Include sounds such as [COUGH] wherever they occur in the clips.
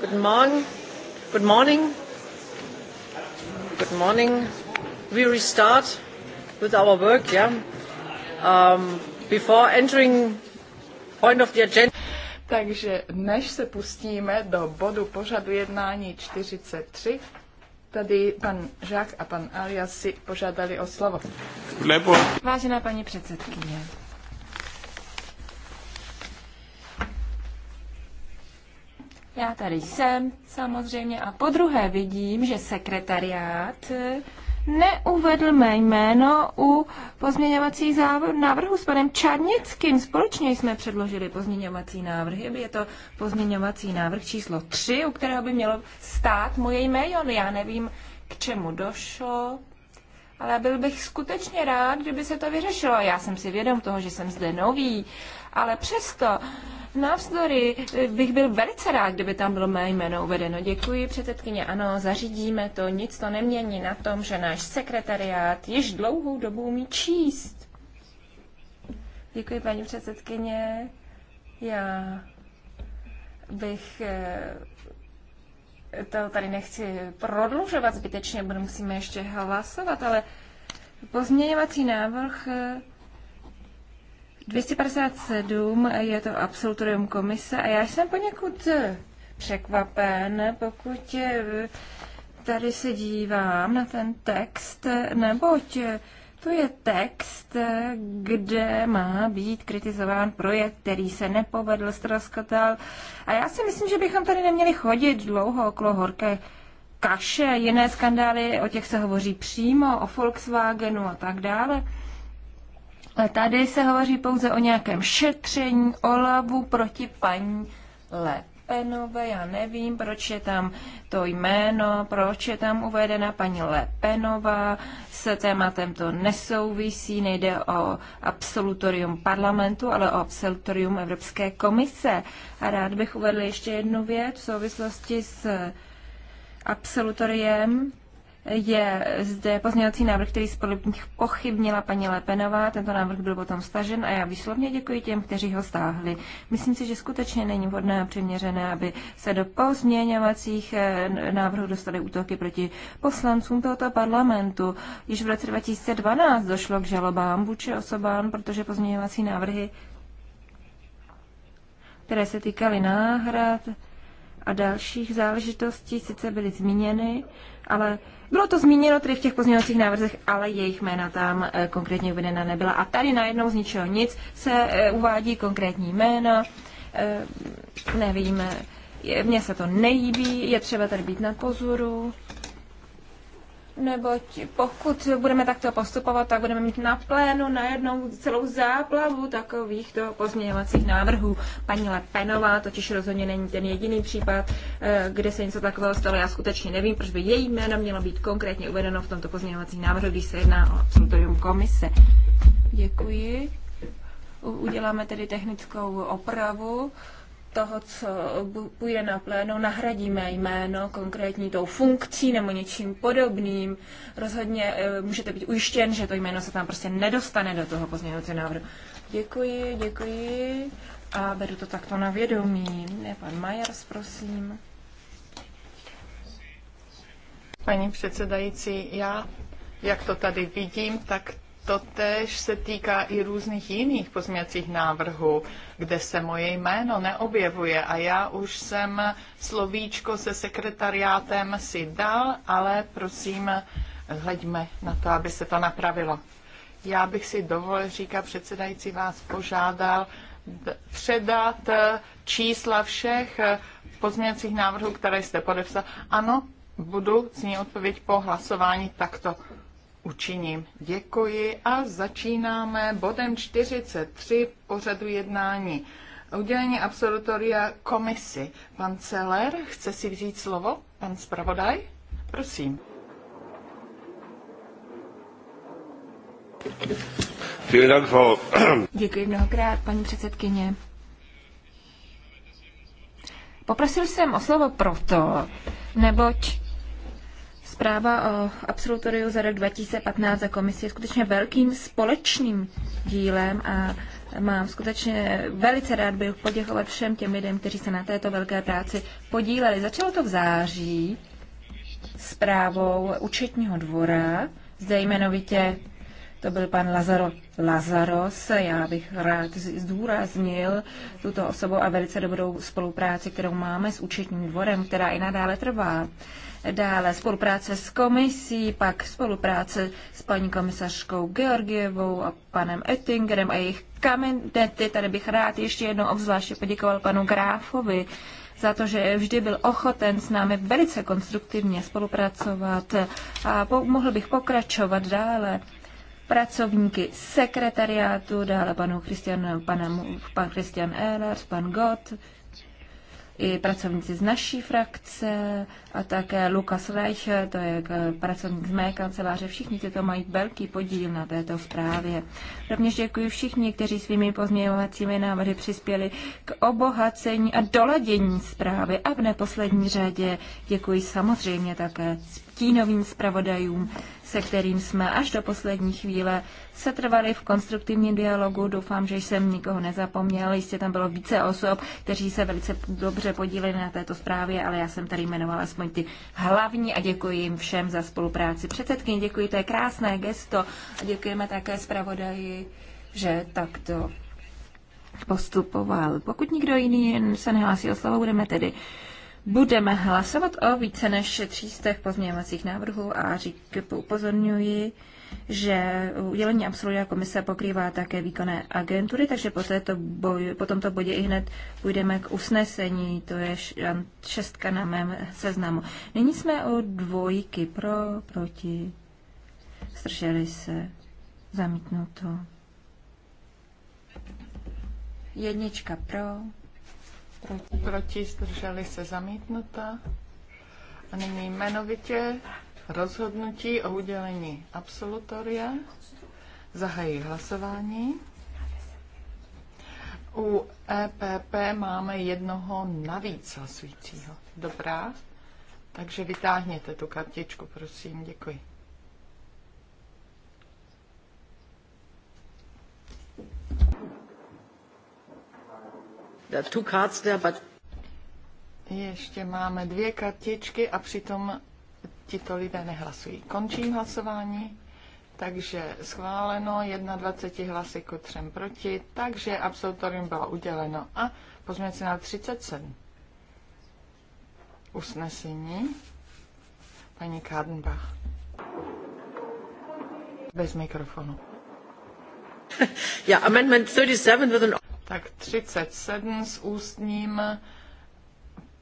Guten Morgen. Good morning. Good morning. We restart with our work, yeah? Um, before entering point of the agenda. Takže než se pustíme do bodu pořadu jednání 43, tady pan Žák a pan Alias si požádali o slovo. Nebo... Vážená paní předsedkyně, Já tady jsem samozřejmě a po druhé vidím, že sekretariát eh, neuvedl mé jméno u pozměňovací návrhu s panem Čarnickým. Společně jsme předložili pozměňovací návrhy. Je to pozměňovací návrh číslo 3, u kterého by mělo stát moje jméno. Já nevím, k čemu došlo, ale byl bych skutečně rád, kdyby se to vyřešilo. Já jsem si vědom toho, že jsem zde nový ale přesto Navzdory eh, bych byl velice rád, kdyby tam bylo mé jméno uvedeno. Děkuji, předsedkyně. Ano, zařídíme to. Nic to nemění na tom, že náš sekretariát již dlouhou dobu umí číst. Děkuji, paní předsedkyně. Já bych eh, to tady nechci prodlužovat zbytečně, bude musíme ještě hlasovat, ale pozměňovací návrh eh, 257 je to absolutorium komise a já jsem poněkud překvapen, pokud tady se dívám na ten text, neboť to je text, kde má být kritizován projekt, který se nepovedl, ztroskotal. A já si myslím, že bychom tady neměli chodit dlouho okolo horké kaše, jiné skandály, o těch se hovoří přímo, o Volkswagenu a tak dále. Tady se hovoří pouze o nějakém šetření Olavu proti paní Le Penové. Já nevím, proč je tam to jméno, proč je tam uvedena paní Le Penová. S tématem to nesouvisí, nejde o absolutorium parlamentu, ale o absolutorium Evropské komise. A rád bych uvedl ještě jednu věc v souvislosti s absolutoriem je zde pozměňovací návrh, který spolu pochybnila paní Lepenová. Tento návrh byl potom stažen a já výslovně děkuji těm, kteří ho stáhli. Myslím si, že skutečně není vhodné a přiměřené, aby se do pozměňovacích eh, návrhů dostaly útoky proti poslancům tohoto parlamentu. Již v roce 2012 došlo k žalobám vůči osobám, protože pozměňovací návrhy, které se týkaly náhrad, a dalších záležitostí sice byly zmíněny, ale bylo to zmíněno tedy v těch pozměňovacích návrzech, ale jejich jména tam eh, konkrétně uvedena nebyla. A tady najednou z ničeho nic se eh, uvádí konkrétní jména, eh, nevíme, mně se to nejíbí, je třeba tady být na pozoru neboť pokud budeme takto postupovat, tak budeme mít na plénu najednou celou záplavu takovýchto pozměňovacích návrhů. Paní Lepenová totiž rozhodně není ten jediný případ, eh, kde se něco takového stalo. Já skutečně nevím, proč by její jméno mělo být konkrétně uvedeno v tomto pozměňovacím návrhu, když se jedná o absolutorium komise. Děkuji. Uděláme tedy technickou opravu toho, co půjde na plénu, nahradíme jméno konkrétní tou funkcí nebo něčím podobným. Rozhodně e, můžete být ujištěn, že to jméno se tam prostě nedostane do toho pozměňovacího návrhu. Děkuji, děkuji a beru to takto na vědomí. Ne, pan Majers, prosím. Paní předsedající, já, jak to tady vidím, tak to tež se týká i různých jiných pozměcích návrhů, kde se moje jméno neobjevuje a já už jsem slovíčko se sekretariátem si dal, ale prosím, hleďme na to, aby se to napravilo. Já bych si dovolil, říká předsedající, vás požádal předat čísla všech pozměňovacích návrhů, které jste podepsal. Ano, budu z ní odpověď po hlasování takto učiním. Děkuji a začínáme bodem 43 pořadu jednání. Udělení absolutoria komisi. Pan Celer chce si vzít slovo? Pan zpravodaj? Prosím. Děkuji mnohokrát, paní předsedkyně. Poprosil jsem o slovo proto, neboť Zpráva o absolutoriu za rok 2015 za komisi je skutečně velkým společným dílem a mám skutečně velice rád bych poděkovat všem těm lidem, kteří se na této velké práci podíleli. Začalo to v září zprávou účetního dvora, zde jmenovitě to byl pan Lazaro Lazaros. Já bych rád zdůraznil tuto osobu a velice dobrou spolupráci, kterou máme s účetním dvorem, která i nadále trvá dále spolupráce s komisí, pak spolupráce s paní komisařkou Georgievou a panem Ettingerem a jejich kamenety. Tady bych rád ještě jednou obzvláště poděkoval panu Gráfovi za to, že vždy byl ochoten s námi velice konstruktivně spolupracovat a mohl bych pokračovat dále pracovníky sekretariátu, dále panu Christian, panem, pan Christian Ehlers, pan Gott, i pracovníci z naší frakce a také Lukas Reich, to je pracovník z mé kanceláře. Všichni tyto mají velký podíl na této zprávě. Rovněž děkuji všichni, kteří svými pozměňovacími návrhy přispěli k obohacení a doladění zprávy a v neposlední řadě děkuji samozřejmě také stínovým zpravodajům se kterým jsme až do poslední chvíle trvali v konstruktivním dialogu. Doufám, že jsem nikoho nezapomněl. Jistě tam bylo více osob, kteří se velice dobře podíleli na této zprávě, ale já jsem tady jmenovala aspoň ty hlavní a děkuji jim všem za spolupráci. Předsedkyně, děkuji, to je krásné gesto a děkujeme také zpravodaji, že takto postupoval. Pokud nikdo jiný se nehlásí o slovo, budeme tedy Budeme hlasovat o více než 300 pozměňovacích návrhů a řík, upozorňuji, že udělení absolutní komise pokrývá také výkonné agentury, takže po, této boju, po tomto bodě i hned půjdeme k usnesení, to je šestka na mém seznamu. Nyní jsme o dvojky pro, proti, strželi se, zamítnuto. Jednička pro, Proti. Proti zdrželi se zamítnuta. A nyní jmenovitě rozhodnutí o udělení absolutoria. Zahají hlasování. U EPP máme jednoho navíc hlasujícího. Dobrá. Takže vytáhněte tu kartičku, prosím. Děkuji. There are two cards there, but... Ještě máme dvě kartičky a přitom tito lidé nehlasují. Končím hlasování. Takže schváleno 21 hlasy ku třem proti, takže absolutorium bylo uděleno. A pozměňovací na 37. Usnesení paní Kádenbach. Bez mikrofonu. [LAUGHS] Ja, Amendment 37 wird an tak 37 s ústním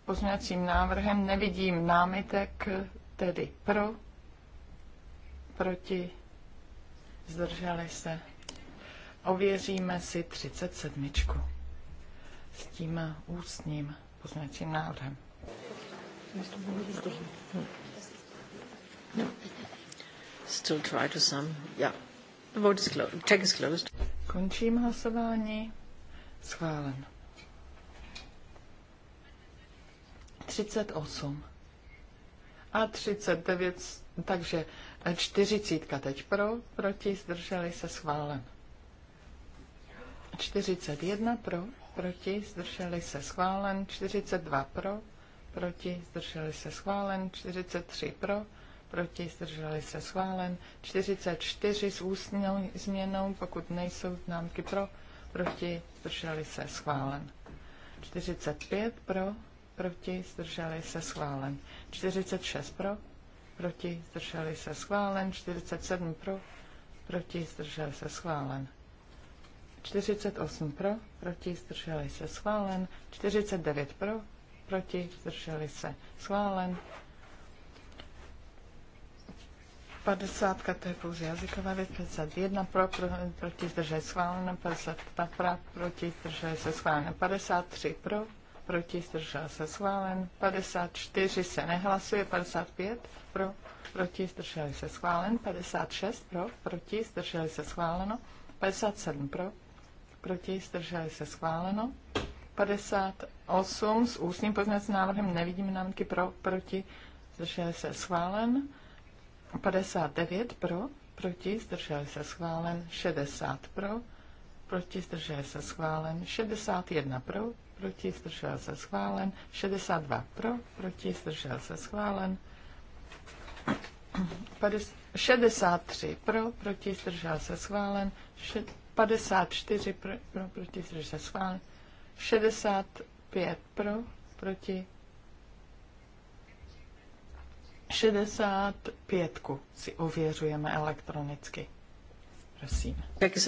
pozměňovacím návrhem nevidím námitek, tedy pro, proti, zdrželi se. Ověříme si 37 s tím ústním pozměňovacím návrhem. Still try to some. Yeah. The vote is closed. Check is closed. Končím hlasování. Schválen. 38. A 39, takže 40 teď pro, proti, zdrželi se schválen. 41 pro, proti, zdrželi se schválen. 42 pro, proti, zdrželi se schválen. 43 pro, proti, zdrželi se schválen. 44 s ústní změnou, pokud nejsou známky pro, proti, zdrželi se, schválen. 45 pro, proti, zdrželi se, schválen. 46 pro, proti, zdrželi se, schválen. 47 pro, proti, zdrželi se, schválen. 48 pro, proti, zdrželi se, schválen. 49 pro, proti, zdrželi se, schválen. 50, to je pouze jazyková věc, 51 pro, pro proti zdržet schváleno, 52 pro, proti zdržet se schváleno, 53 pro, proti zdržel se schválen, 54 se nehlasuje, 55 pro, proti zdrželi se schválen, 56 pro, proti zdrželi se schváleno, 57 pro, proti zdrželi se schváleno, 58 s ústním pozměňovacím návrhem nevidíme námitky pro, proti zdrželi se schválen, 59 pro, proti, zdrželi se schválen, 60 pro, proti, zdrželi se schválen, 61 pro, proti, zdržel se schválen, 62 pro, proti, zdržel se schválen, 63 pro, proti, zdržel se schválen, 54 pro, proti, zdržel se schválen, 65 pro, proti, 65 si ověřujeme elektronicky. Prosím. Jak je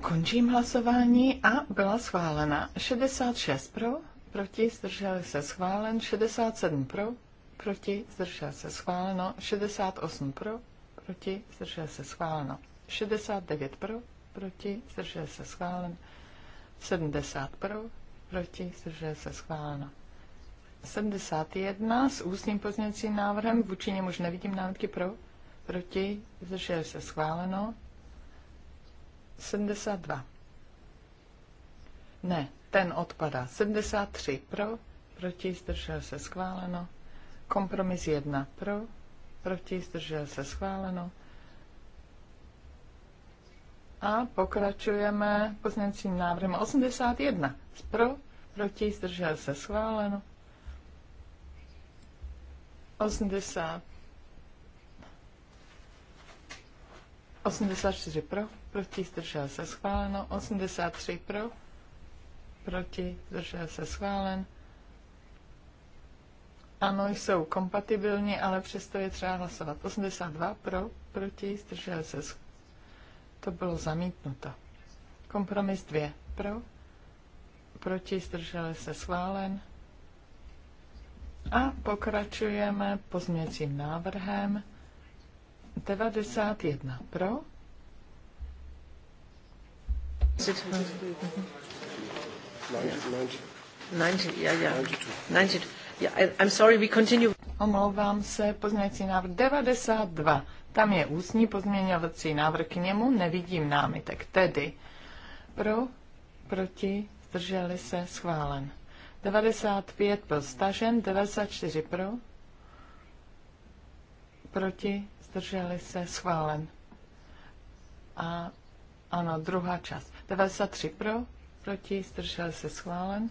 Končím hlasování a byla schválena 66 pro, proti zdrželi se schválen, 67 pro, proti zdržel se schváleno, 68 pro, proti zdržel se schváleno, 69 pro, proti zdržel se schválen, 70 pro, proti zdržel se schváleno. 71 s ústním pozměňovacím návrhem. Vůči němuž nevidím námitky pro, proti, zdržel se schváleno. 72. Ne, ten odpadá. 73 pro, proti, zdržel se schváleno. Kompromis 1 pro, proti, zdržel se schváleno. A pokračujeme pozměňovacím návrhem 81. Pro, proti, zdržel se schváleno. 80. 84 pro, proti zdržel se schváleno, 83 pro, proti zdržel se schválen. Ano, jsou kompatibilní, ale přesto je třeba hlasovat. 82 pro, proti zdržel se schválen. To bylo zamítnuto. Kompromis 2 pro, proti zdržel se schválen. A pokračujeme pozměcím návrhem 91 pro. Omlouvám se, pozměňovací návrh 92. Tam je ústní pozměňovací návrh k němu, nevidím námitek. Tedy pro, proti, zdrželi se, schválen. 95 byl stažen, 94 pro, proti, zdrželi se, schválen. A ano, druhá část. 93 pro, proti, zdržel se, schválen.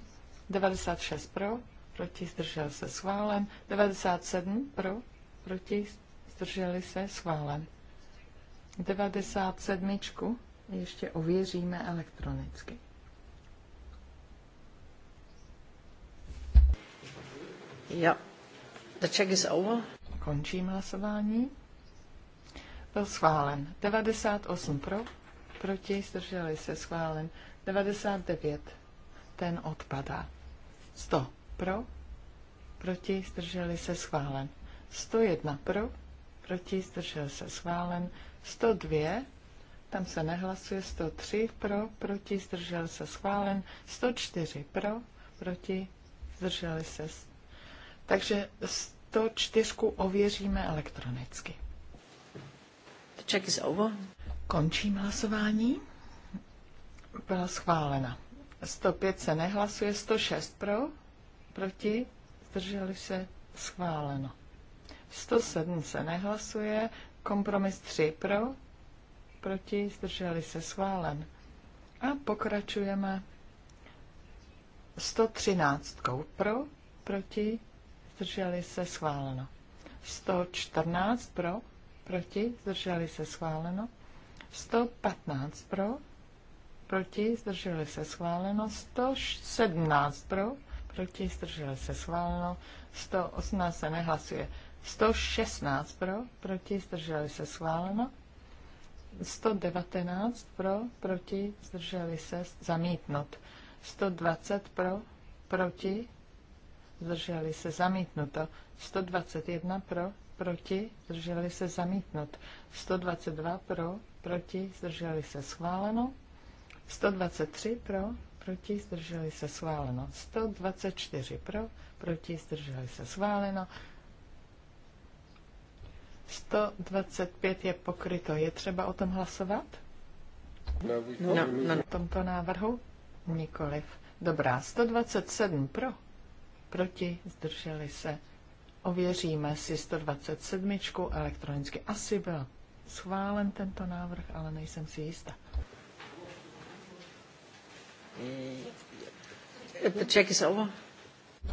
96 pro, proti, zdržel se, schválen. 97 pro, proti, zdrželi se, schválen. 97. ještě ověříme elektronicky. Yeah. The check is over. Končím hlasování. Byl schválen. 98 pro, proti, zdrželi se, schválen. 99, ten odpadá. 100 pro, proti, zdrželi se, schválen. 101 pro, proti, zdržel se, schválen. 102, tam se nehlasuje, 103 pro, proti, zdržel se, schválen. 104 pro, proti, zdrželi se, schválen. Takže 104 ověříme elektronicky. The check is over. Končím hlasování. Byla schválena. 105 se nehlasuje, 106 pro, proti, zdrželi se, schváleno. 107 se nehlasuje, kompromis 3 pro, proti, zdrželi se, schválen. A pokračujeme 113 pro, proti, zdrželi se schváleno. 114 pro, proti, zdrželi se schváleno. 115 pro, proti, zdrželi se schváleno. 117 pro, proti, zdrželi se schváleno. 118 se nehlasuje. 116 pro, proti, zdrželi se schváleno. 119 pro, proti, zdrželi se zamítnut. 120 pro, proti, zdrželi se zamítnuto. 121 pro, proti, zdrželi se zamítnut. 122 pro, proti, zdrželi se schváleno. 123 pro, proti, zdrželi se schváleno. 124 pro, proti, zdrželi se schváleno. 125 je pokryto. Je třeba o tom hlasovat? No, no, no. tomto návrhu? Nikoliv. Dobrá, 127 pro proti, zdrželi se. Ověříme si 127 elektronicky. Asi byl schválen tento návrh, ale nejsem si jistá.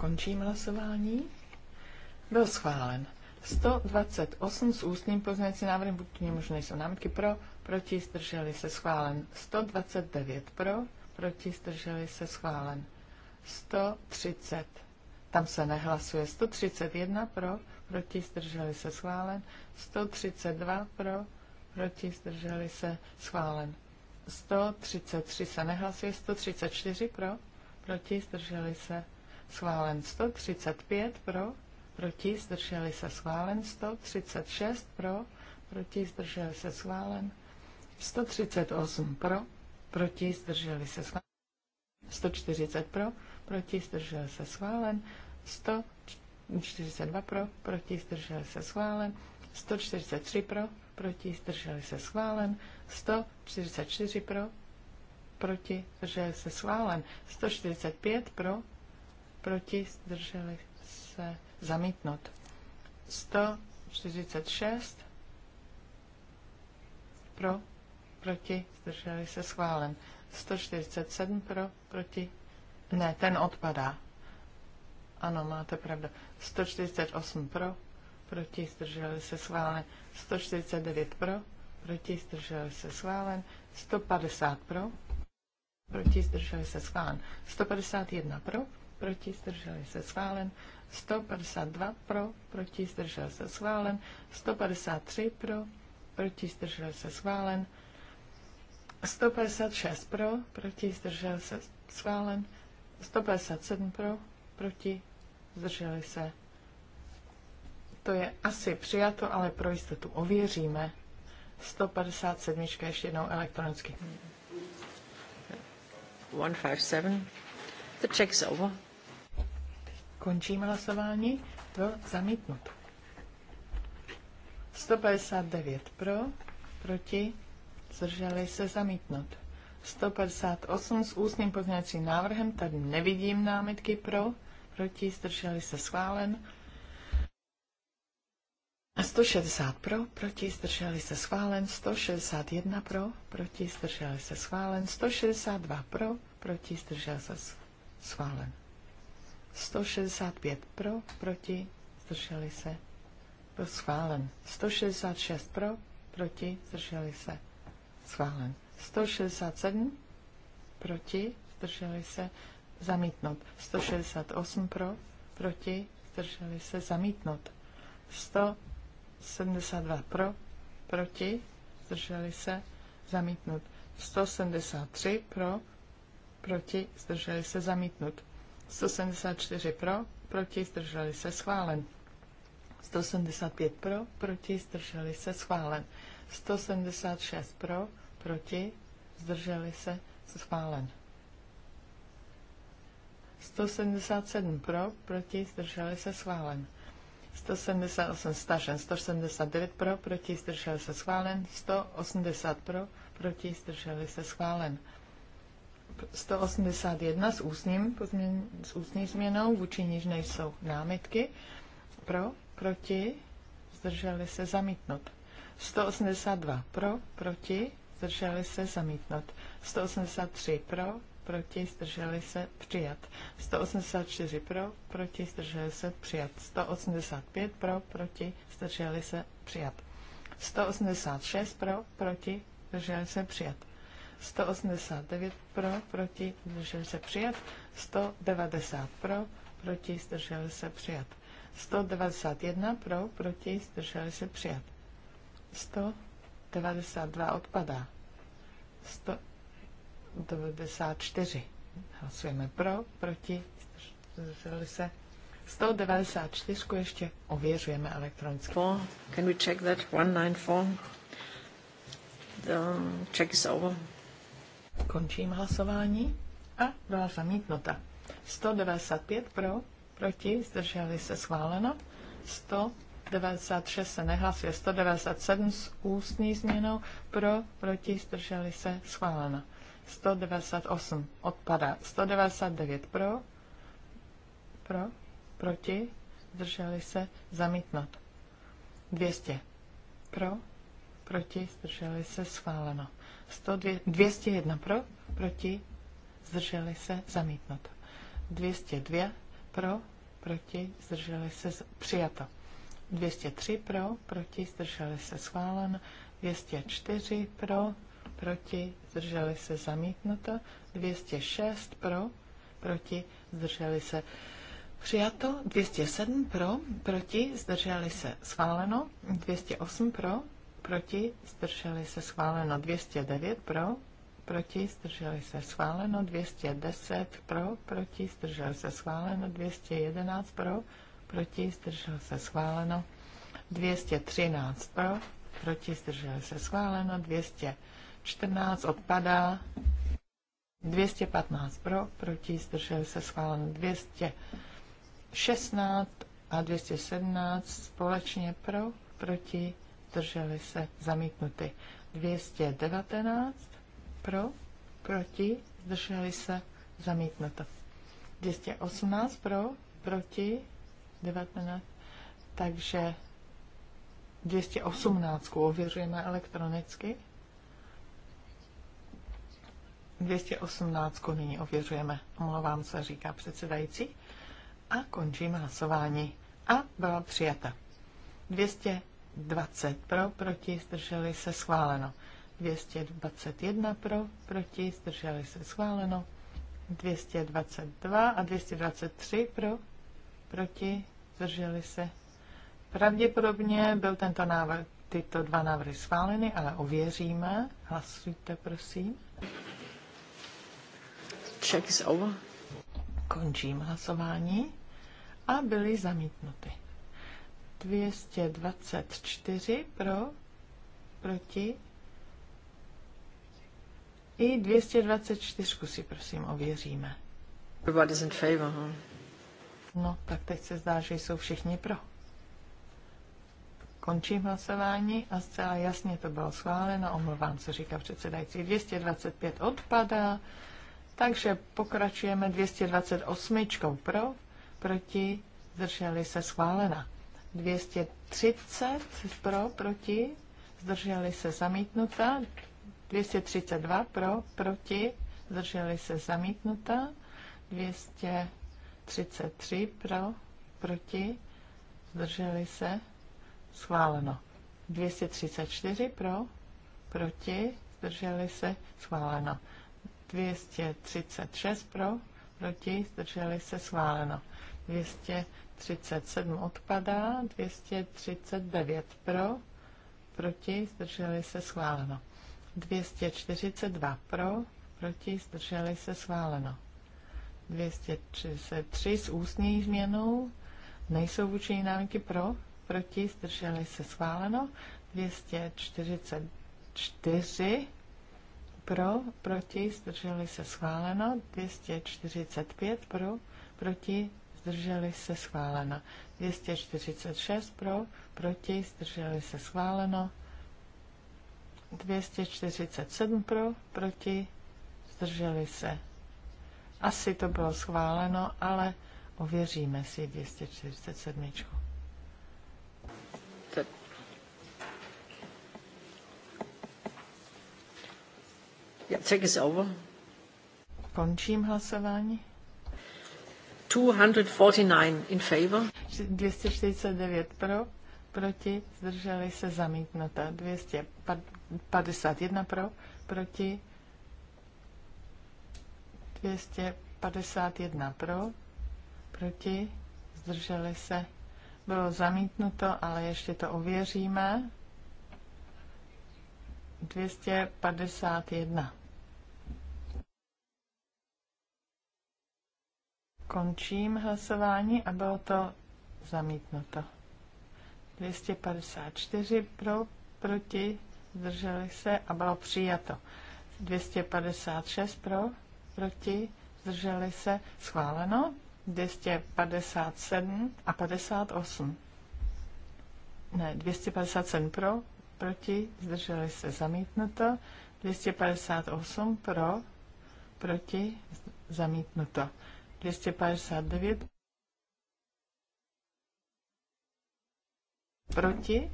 Končím hlasování. Byl schválen. 128 s ústním pozměňovacím návrhem, buď to němuž nejsou námitky pro, proti, zdrželi se schválen. 129 pro, proti, zdrželi se schválen. 130 tam se nehlasuje. 131 pro, proti, zdrželi se schválen. 132 pro, proti, zdrželi se schválen. 133 se nehlasuje, 134 pro, proti, zdrželi se schválen. 135 pro, proti, zdrželi se schválen. 136 pro, proti, zdrželi se schválen. 138 pro, proti, zdrželi se schválen. 140 pro, proti, zdržel se schválen. 142 pro, proti, zdržel se schválen. 143 pro, proti, zdržel se schválen. 144 pro, proti, zdržel se schválen. 145 pro, proti, zdrželi se zamítnut 146 pro, proti, zdrželi se schválen. 147 pro, proti, ne, ten odpadá. Ano, máte pravdu. 148 pro, proti zdrželi se schválen. 149 pro, proti zdrželi se schválen. 150 pro, proti zdrželi se schválen. 151 pro, proti zdrželi se schválen. 152 pro, proti zdrželi se schválen. 153 pro, proti zdrželi se schválen. 156 pro, proti zdrželi se schválen. 157 pro, proti, zdrželi se. To je asi přijato, ale pro jistotu ověříme. 157 ještě jednou elektronicky. 157. The check's over. Končíme hlasování. Byl zamítnut. 159 pro, proti, zdrželi se zamítnout. 158 s ústním pozměňovacím návrhem, tady nevidím námitky pro, proti, zdrželi se schválen. 160 pro, proti, zdrželi se schválen, 161 pro, proti, zdrželi se schválen, 162 pro, proti, zdrželi se schválen. 165 pro, proti, zdrželi se, schválen. 166 pro, proti, zdrželi se, schválen. 167 proti, zdrželi se zamítnout. 168 pro, proti, zdrželi se zamítnout. 172 pro, proti, zdrželi se zamítnout. 173 pro, proti, zdrželi se zamítnout. 174 pro, proti, zdrželi se schválen. 175 pro, proti, zdrželi se schválen. 176 pro, proti, zdrželi se, schválen. 177 pro, proti, zdrželi se, schválen. 178 stažen, 179 pro, proti, zdrželi se, schválen. 180 pro, proti, zdrželi se, schválen. 181 s, ústním, pozměn, s ústní změnou, vůči níž nejsou námitky. Pro, proti, zdrželi se, zamítnut. 182 pro, proti, zdrželi se, zamítnout. 183 pro, proti, zdrželi se, přijat. 184 pro, proti, zdrželi se, přijat. 185 pro, proti, zdrželi se, přijat. 186 pro, proti, zdrželi se, přijat. 189 pro, proti, zdrželi se, přijat. 190 pro, proti, zdrželi se, přijat. 191 pro, proti, zdrželi se, přijat. 100 92 odpadá. 194. Hlasujeme pro, proti, zdrželi se. 194 ještě ověřujeme elektronicky. Four. Can we check that? 194. The check is over. Končím hlasování a byla zamítnuta. 195 pro, proti, zdrželi se schváleno. 100 196 se nehlasuje, 197 s ústní změnou, pro, proti, zdrželi se, schváleno. 198 odpadá, 199 pro, pro, proti, zdrželi se, zamítnout. 200 pro, proti, zdrželi se, schváleno. 102, 201 pro, proti, zdrželi se, zamítnout. 202 pro, proti, zdrželi se, přijato. 203 pro, proti, zdrželi se schválen, 204 pro, proti, zdrželi se zamítnuto, 206 pro, proti, zdrželi se přijato, 207 pro, proti, zdrželi se schváleno, 208 pro, proti, zdrželi se schváleno, 209 pro, proti, zdrželi se schváleno, 210 pro, proti, zdrželi se schváleno, 211 pro, proti, zdržel se schváleno. 213 pro, proti, zdržel se schváleno. 214 odpadá. 215 pro, proti, zdržel se schváleno. 216 a 217 společně pro, proti, zdrželi se zamítnuty. 219 pro, proti, zdrželi se zamítnuto. 218 pro, proti, 19. Takže 218 ověřujeme elektronicky. 218 nyní ověřujeme, omlouvám se, říká předsedající. A končíme hlasování. A byla přijata. 220 pro, proti, zdrželi se schváleno. 221 pro, proti, zdrželi se schváleno. 222 a 223 pro, proti, zdrželi se. Pravděpodobně byl tento návrh, tyto dva návrhy schváleny, ale ověříme. Hlasujte, prosím. Check is over. Končím hlasování a byly zamítnuty. 224 pro, proti i 224 si prosím ověříme. Everybody's in favor, huh? No, tak teď se zdá, že jsou všichni pro. Končím hlasování a zcela jasně to bylo schváleno. Omlouvám se, říká předsedající. 225 odpadá, takže pokračujeme 228 pro, proti, zdrželi se schválena. 230 pro, proti, zdrželi se zamítnuta. 232 pro, proti, zdrželi se zamítnuta. 200 33 pro, proti, zdrželi se, schváleno. 234 pro, proti, zdrželi se, schváleno. 236 pro, proti, zdrželi se, schváleno. 237 odpadá, 239 pro, proti, zdrželi se, schváleno. 242 pro, proti, zdrželi se, schváleno. 233 s ústní změnou. Nejsou vůči námitky pro, proti, zdrželi se schváleno. 244 pro, proti, zdrželi se schváleno. 245 pro, proti, zdrželi se schváleno. 246 pro, proti, zdrželi se schváleno. 247 pro, proti, zdrželi se asi to bylo schváleno, ale ověříme si 247. Yeah, check is over. Končím hlasování. 249 in favor. 249 pro, proti, zdrželi se zamítnuta. 251 pro, proti, 251 pro, proti, zdrželi se. Bylo zamítnuto, ale ještě to ověříme. 251. Končím hlasování a bylo to zamítnuto. 254 pro, proti, zdrželi se a bylo přijato. 256 pro, proti, zdrželi se, schváleno. 257 a 58. Ne, 257 pro, proti, zdrželi se, zamítnuto. 258 pro, proti, zamítnuto. 259 proti,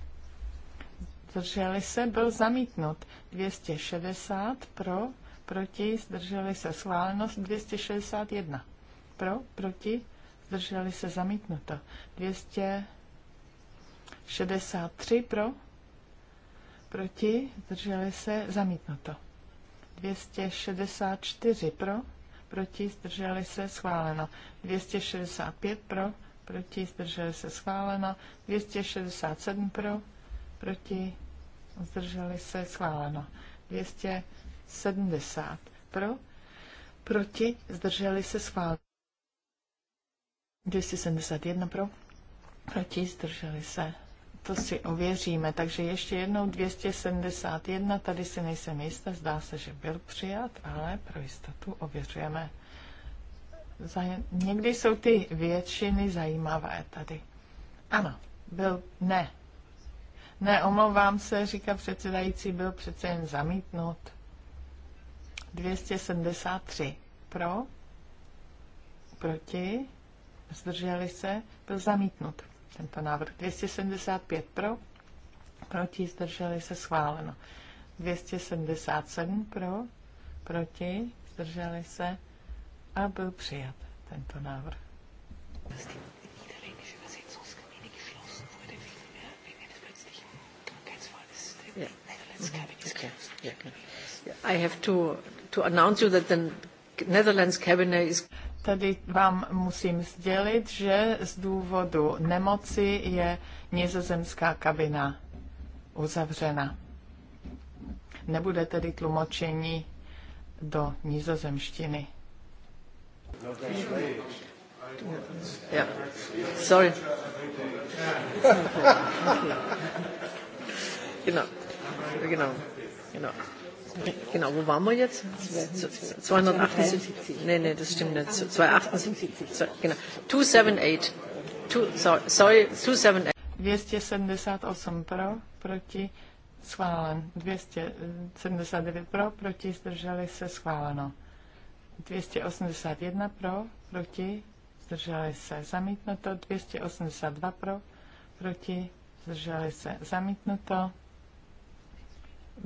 zdrželi se, byl zamítnut. 260 pro, proti, zdrželi se schválenost 261. Pro, proti, zdrželi se zamítnuto 263 pro, proti, zdrželi se zamítnuto 264 pro, proti, zdrželi se schváleno 265 pro, proti, zdrželi se schváleno 267 pro, proti, zdrželi se schváleno 200 70 pro, proti, zdrželi se schváleno. 271 pro, proti, zdrželi se. To si ověříme. Takže ještě jednou 271, tady si nejsem jistá, zdá se, že byl přijat, ale pro jistotu ověřujeme. Někdy jsou ty většiny zajímavé tady. Ano, byl ne. Ne, omlouvám se, říká předsedající, byl přece jen zamítnut. 273 pro, proti, zdrželi se, byl zamítnut tento návrh. 275 pro, proti, zdrželi se, schváleno. 277 pro, proti, zdrželi se a byl přijat tento návrh. Yeah. Yeah. I have to to announce you that the Netherlands cabinet is Tady vám musím sdělit, že z důvodu nemoci je nizozemská kabina uzavřena. Nebude tedy tlumočení do nizozemštiny. Yeah. Sorry. [LAUGHS] know. You Genau. Genau. Genau. Genau, wo waren wir jetzt? 278. Nein, nein, das stimmt nicht. 278. Genau. 278. sorry, 278. 278 pro, proti, schválen. 279 pro, proti, zdrželi se, schváleno. 281 pro, proti, zdrželi se, zamítnuto. 282 pro, proti, zdrželi se, zamítnuto.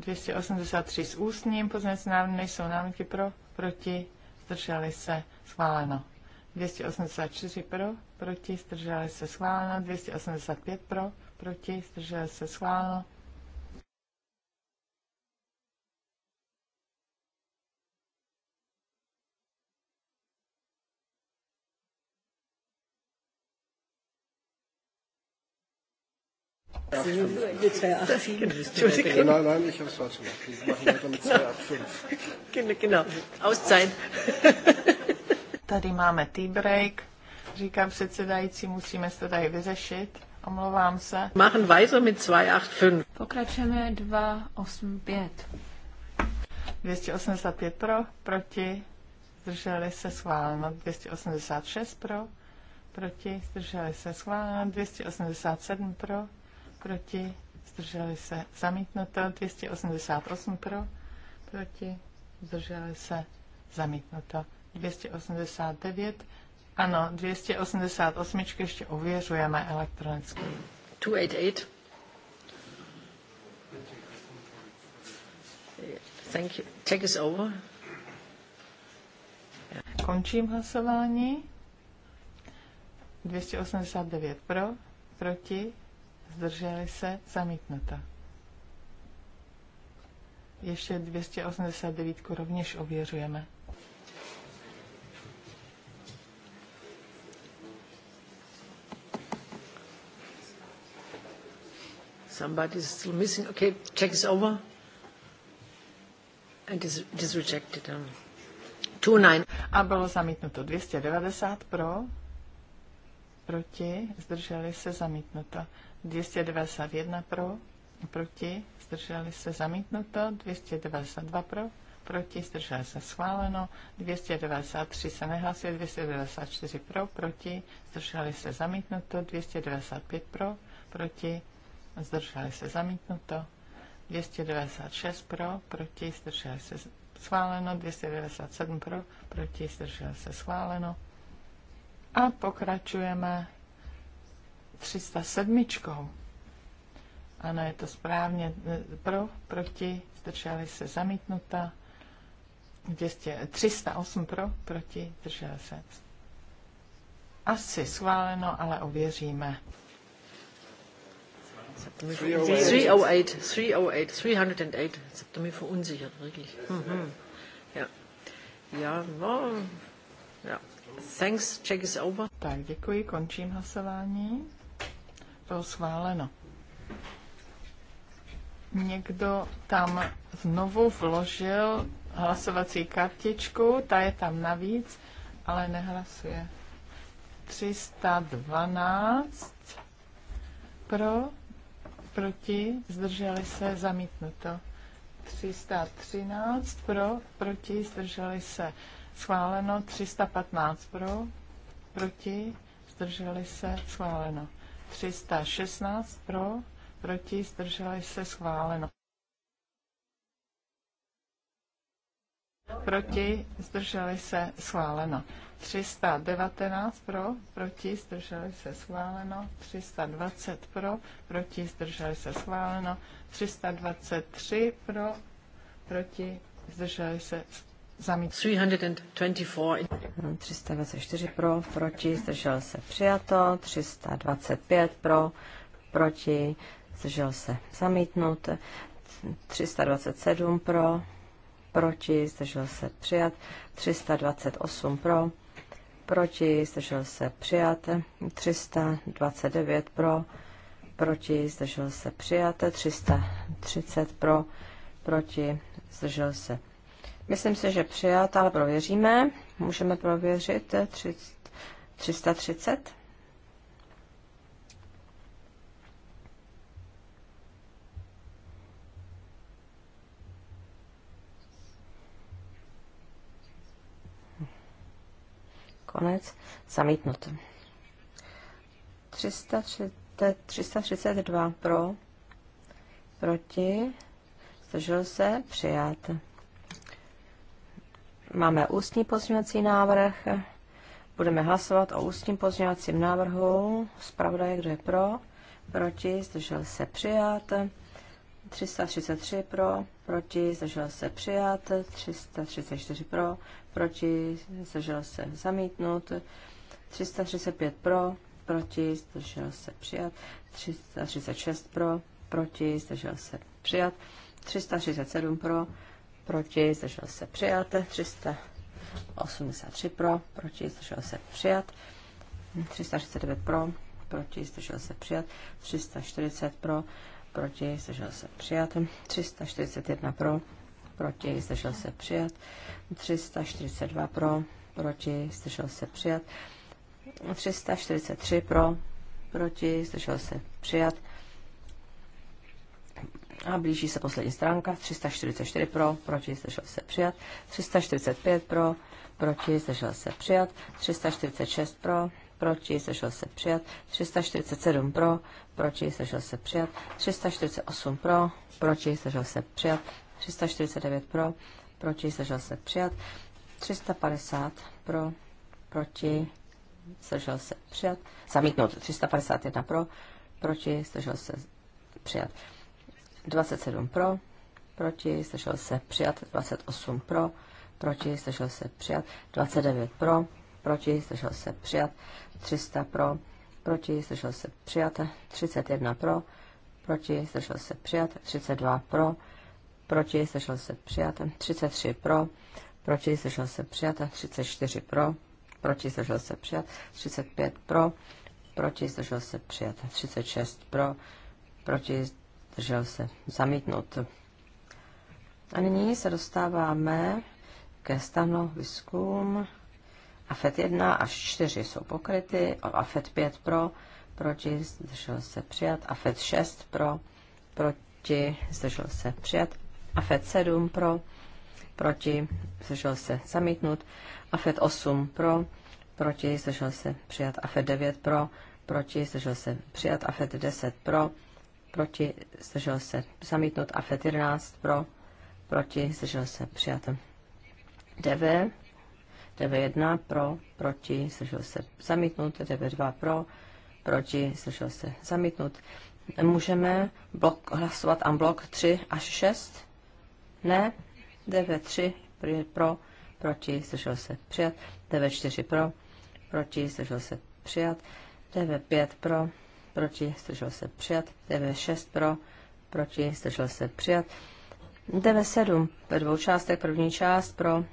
283 s ústním pozměňovacím návrhem nejsou námitky pro, proti, zdrželi se, schváleno. 284 pro, proti, zdrželi se, schváleno. 285 pro, proti, zdrželi se, schváleno. Entschuldigung. Nein, nein, ich habe es falsch gemacht. Wir machen weiter mit 2 Genau, Auszeit. Tady máme tea break. Říkám předsedající, musíme se tady vyřešit. Omlouvám se. Machen weiter mit 285. Pokračujeme 285. 285 pro, proti, zdrželi se schváleno. 286 pro, proti, zdrželi se schváleno. 287 pro, proti, zdrželi se zamítnuto, 288 pro, proti, zdrželi se zamítnuto, 289, ano, 288 ještě ověřujeme elektronicky. 288. Thank you. Check is over. Končím hlasování. 289 pro, proti, zdrželi se, zamítnuta. Ještě 289 rovněž ověřujeme. Somebody is still missing. Okay, check is over. And is, is rejected. Um, two nine. A bylo zamítnuto 290 pro, proti, zdrželi se zamítnuto. 291 pro, proti, zdrželi se zamítnuto, 292 pro, proti, zdrželi se schváleno, 293 se nehlasuje, 294 pro, proti, zdrželi se zamítnuto, 295 pro, proti, zdrželi se zamítnuto, 296 pro, proti, zdrželi se schváleno, 297 pro, proti, zdrželi se schváleno. A pokračujeme 307. Ano, je to správně. E, pro, proti, zdrželi se zamítnuta. 200, 308 e, pro, proti, zdrželi se. Asi schváleno, ale ověříme. 308, 308, 308. Das habt ihr mich verunsichert, wirklich. Mhm. Ja. Ja, no. ja. Thanks, check is over. Tak, děkuji, končím hlasování. Bylo schváleno. Někdo tam znovu vložil hlasovací kartičku, ta je tam navíc, ale nehlasuje. 312 pro, proti, zdrželi se, zamítnuto. 313 pro, proti, zdrželi se. Schváleno 315 pro, proti, zdrželi se, schváleno. 316 pro, proti, zdrželi se schváleno. Proti, zdrželi se schváleno. 319 pro, proti, zdrželi se schváleno. 320 pro, proti, zdrželi se schváleno. 323 pro, proti, zdrželi se schváleno Zamít. 324 pro, proti, zdržel se přijato, 325 pro, proti, zdržel se zamítnut, 327 pro, proti, zdržel se přijat, 328 pro, proti, zdržel se přijat, 329 pro, proti, zdržel se přijat, 330 pro, proti, zdržel se Myslím si, že přijat, ale prověříme. Můžeme prověřit 330. Konec. Zamítnut. 332 pro, proti, zdržel se, přijat. Máme ústní pozměňovací návrh. Budeme hlasovat o ústním pozměňovacím návrhu. Zpravodaj, kdo je pro? Proti, zdržel se přijat. 333 pro, proti, zdržel se přijat. 334 pro, proti, zdržel se zamítnut. 335 pro, proti, zdržel se přijat. 336 pro, proti, zdržel se přijat. 337 pro, proti, zdržel se přijat, 383 pro, proti, zdržel se přijat, 339 pro, proti, zdržel se přijat, 340 pro, proti, zdržel se přijat, 341 pro, proti, zdržel se přijat, 342 pro, proti, zdržel se přijat, 343 pro, proti, zdržel se přijat, a blíží se poslední stránka, 344 pro, proti, zdržel se přijat, 345 pro, proti, zdržel se přijat, 346 pro, proti, zdržel se přijat, 347 pro, proti, zdržel se přijat, 348 pro, proti, zdržel se přijat, 349 pro, proti, zdržel se přijat, 350 pro, proti, zdržel se přijat, zamítnout 351 pro, proti, zdržel se přijat. 27 pro, proti, zdržel se přijat, 28 pro, proti, zdržel se přijat, 29 pro, proti, zdržel se přijat, 300 pro, proti, zdržel se přijat, 31 pro, proti, zdržel se přijat, 32 pro, proti, zdržel se přijat, 33 pro, proti, zdržel se přijat, 34 pro, proti, zdržel se přijat, 35 pro, proti, zdržel se přijat, 36 pro, proti, zdržel se, zamítnut. A nyní se dostáváme ke stanoviskům. AFET 1 až 4 jsou pokryty, AFET 5 pro, proti, zdržel se přijat, AFET 6 pro, proti, zdržel se přijat, AFET 7 pro, proti, zdržel se zamítnut, AFET 8 pro, proti, zdržel se přijat, AFET 9 pro, proti, zdržel se přijat, AFET 10 pro, proti, zdržel se zamítnut, AFET 11 pro, proti, zdržel se přijat. DV, DV1 pro, proti, zdržel se zamítnut, DV2 pro, proti, zdržel se zamítnut. Můžeme blok, hlasovat unblock 3 až 6? Ne. DV3 pro, proti, zdržel se přijat. DV4 pro, proti, zdržel se přijat. DV5 pro, proti, zdržel se přijat, DV6 pro, proti, zdržel se přijat, DV7 ve dvou částech, první část pro,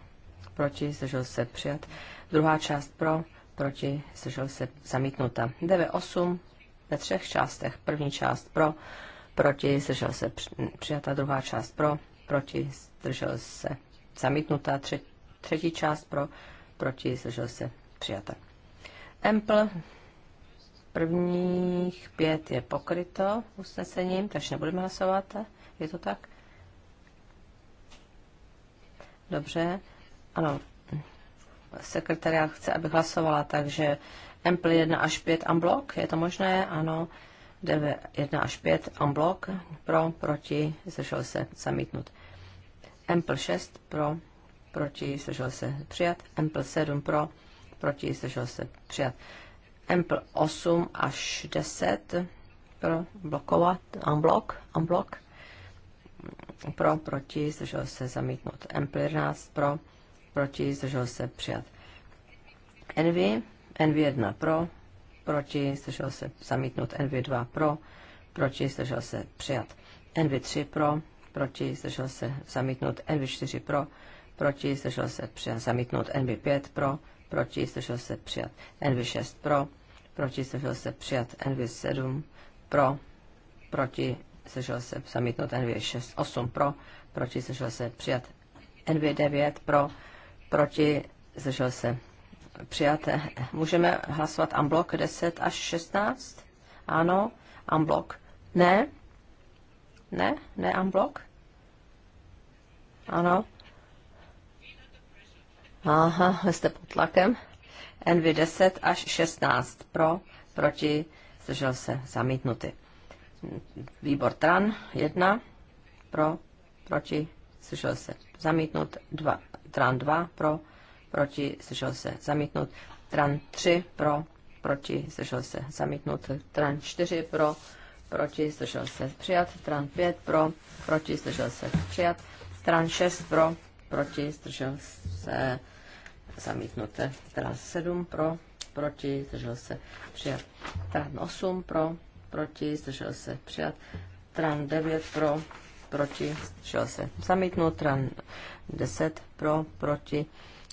proti, zdržel se přijat, druhá část pro, proti, zdržel se zamítnuta, DV8 ve třech částech, první část pro, proti, zdržel se přijata, druhá část pro, proti, zdržel se zamítnuta, třetí část pro, proti, zdržel se přijata. Empl Prvních pět je pokryto usnesením, takže nebudeme hlasovat. Je to tak? Dobře. Ano. Sekretariat chce, abych hlasovala, takže Ample 1 až 5 amblok, je to možné? Ano. 9, 1 až 5 amblok, pro, proti, zdržel se, zamítnut. Ample 6 pro, proti, zdržel se, přijat. Ample 7 pro, proti, zdržel se, přijat. Ample 8 až 10 pro blokovat, unblock, unblock, pro, proti, zdržel se zamítnout. Ample 11 pro, proti, zdržel se přijat. Envy, Envy 1 pro, proti, zdržel se zamítnout. Envy 2 pro, proti, zdržel se přijat. Envy 3 pro, proti, zdržel se zamítnout. Envy 4 pro, proti, zdržel se přijat. Zamítnout. Envy 5 pro, proti, zdržel se přijat. NV6 pro, proti, zdržel se přijat. NV7 pro, proti, zdržel se zamítnout. NV6 8 pro, proti, zdržel se přijat. NV9 pro, proti, zdržel se přijaté. Můžeme hlasovat unblock 10 až 16? Ano, unblock. Ne? Ne? Ne unblock? Ano. Aha, jste pod tlakem. Envy 10 až 16 pro, proti, zdržel se, zamítnuty. Výbor TRAN 1 pro, proti, zdržel se, zamítnut. Dva, TRAN 2 pro, proti, zdržel se, zamítnut. TRAN 3 pro, proti, zdržel se, zamítnut. TRAN 4 pro, proti, zdržel se, přijat. TRAN 5 pro, proti, zdržel se, přijat. TRAN 6 pro, proti, zdržel se, zamítnuté. Teda 7 pro, proti, zdržel se přijat. Tran 8 pro, proti, zdržel se přijat. Tran 9 pro, proti, zdržel se zamítnout. Tran 10 pro, proti,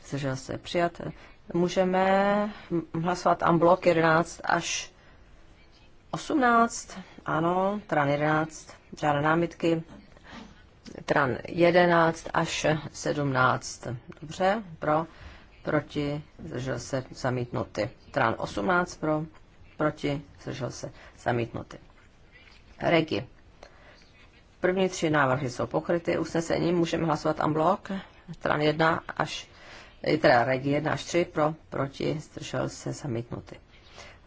zdržel se přijat. Můžeme hlasovat unblock 11 až 18, ano, tran 11, žádné námitky, tran 11 až 17, dobře, pro, proti, zdržel se, zamítnuty. Tran 18 pro, proti, zdržel se, zamítnuty. Regi. První tři návrhy jsou pokryty usnesením, můžeme hlasovat unblock. Tran 1 až, eh, teda Regi 1 až 3 pro, proti, zdržel se, zamítnuty.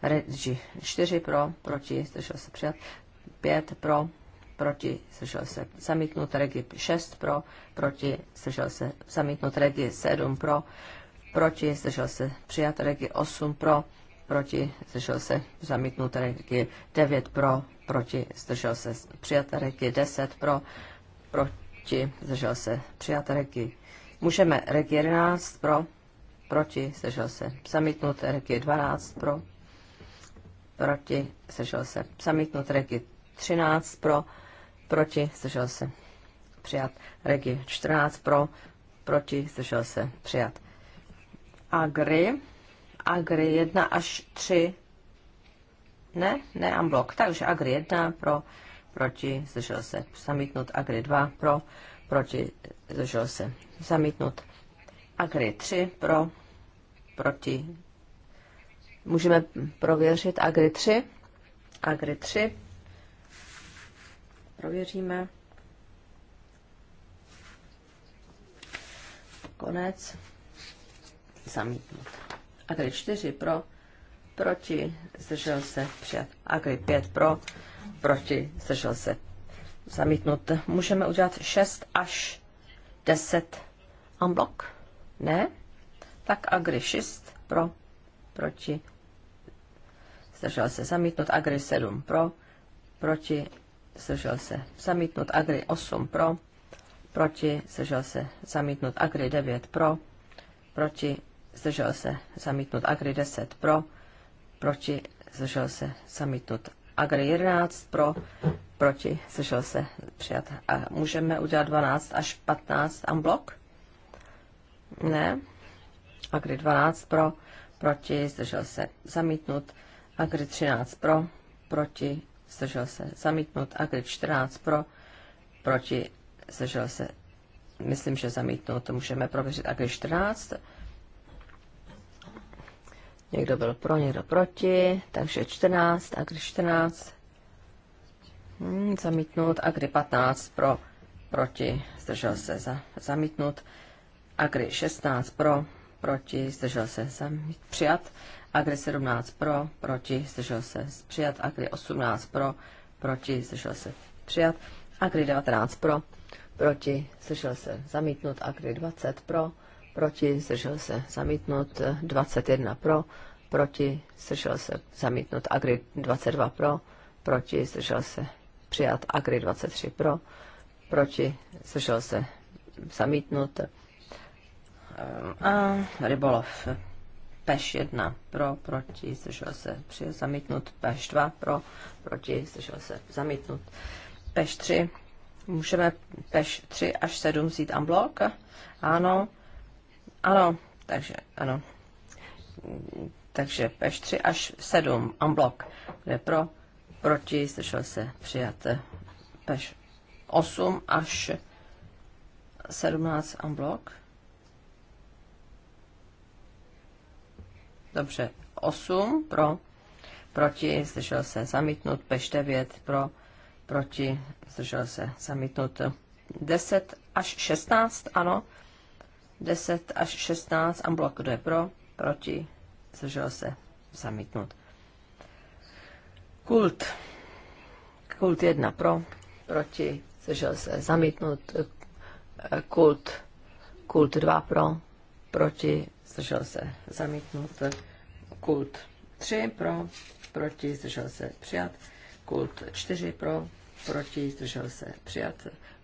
Regi 4 pro, proti, zdržel se, přijat. 5 pro, proti, zdržel se, zamítnut, regi 6 pro, proti, zdržel se, zamítnut, regi 7 pro, proti, zdržel se přijat regi 8 pro, proti, zdržel se zamítnut regi 9 pro, proti, zdržel se přijat regi 10 pro, proti, zdržel se přijat regi. Můžeme regi 11 pro, proti, zdržel se zamítnut regi 12 pro, proti, zdržel se zamítnut regi 13 pro, proti, zdržel se přijat regi 14 pro, proti, zdržel se přijat. Agri. Agri 1 až 3. Ne, ne, unblock. Takže Agri 1 pro, proti, zdržel se. Zamítnut Agri 2 pro, proti, zdržel se. Zamítnut Agri 3 pro, proti. Můžeme prověřit Agri 3. Agri 3. Prověříme. Konec zamítnut. A tady 4 pro, proti, zdržel se, přijat. A tady 5 pro, proti, zdržel se, zamítnut. Můžeme udělat 6 až 10 unblock? Ne? Tak Agri 6 pro, proti, zdržel se, zamítnut. Agri 7 pro, proti, zdržel se, zamítnut. Agri 8 pro, proti, zdržel se, zamítnut. Agri 9 pro, proti, zdržel se zamítnut Agri 10 pro, proti zdržel se zamítnut Agri 11 pro, proti zdržel se přijat. A můžeme udělat 12 až 15 unblock? Ne. Agri 12 pro, proti zdržel se zamítnut. Agri 13 pro, proti zdržel se zamítnut. Agri 14 pro, proti zdržel se myslím, že zamítnout. Můžeme prověřit Agri 14 Někdo byl pro, někdo proti, takže 14, a kdy 14, hmm, zamítnut, a kdy 15 pro, proti, zdržel se za, zamítnut, a kdy 16 pro, proti, zdržel se zamít, přijat, a kdy 17 pro, proti, zdržel se přijat, a kdy 18 pro, proti, zdržel se přijat, a kdy 19 pro, proti, zdržel se zamítnut, a kdy 20 pro, proti, zdržel se zamítnut, 21 pro, proti, zdržel se zamítnut, Agri 22 pro, proti, zdržel se přijat, Agri 23 pro, proti, zdržel se zamítnut ehm, a rybolov Peš 1 pro, proti, zdržel se přijat, zamítnut, Peš 2 pro, proti, zdržel se zamítnut, Peš 3 Můžeme peš 3 až 7 vzít unblock? Ano. Ano, takže ano. Takže peš 3 až 7, unblock, kde pro, proti, slyšel se přijat p 8 až 17 unblock. Dobře, 8 pro, proti, slyšel se zamítnut, p 9 pro, proti, slyšel se zamítnut, 10 až 16, ano, 10 až 16 amblok, kdo je pro, proti, zdržel se, zamítnut. Kult. Kult 1 pro, proti, zdržel se, zamítnut. Kult, kult 2 pro, proti, zdržel se, zamítnut. Kult 3 pro, proti, zdržel se, přijat. Kult 4 pro, proti, zdržel se, přijat.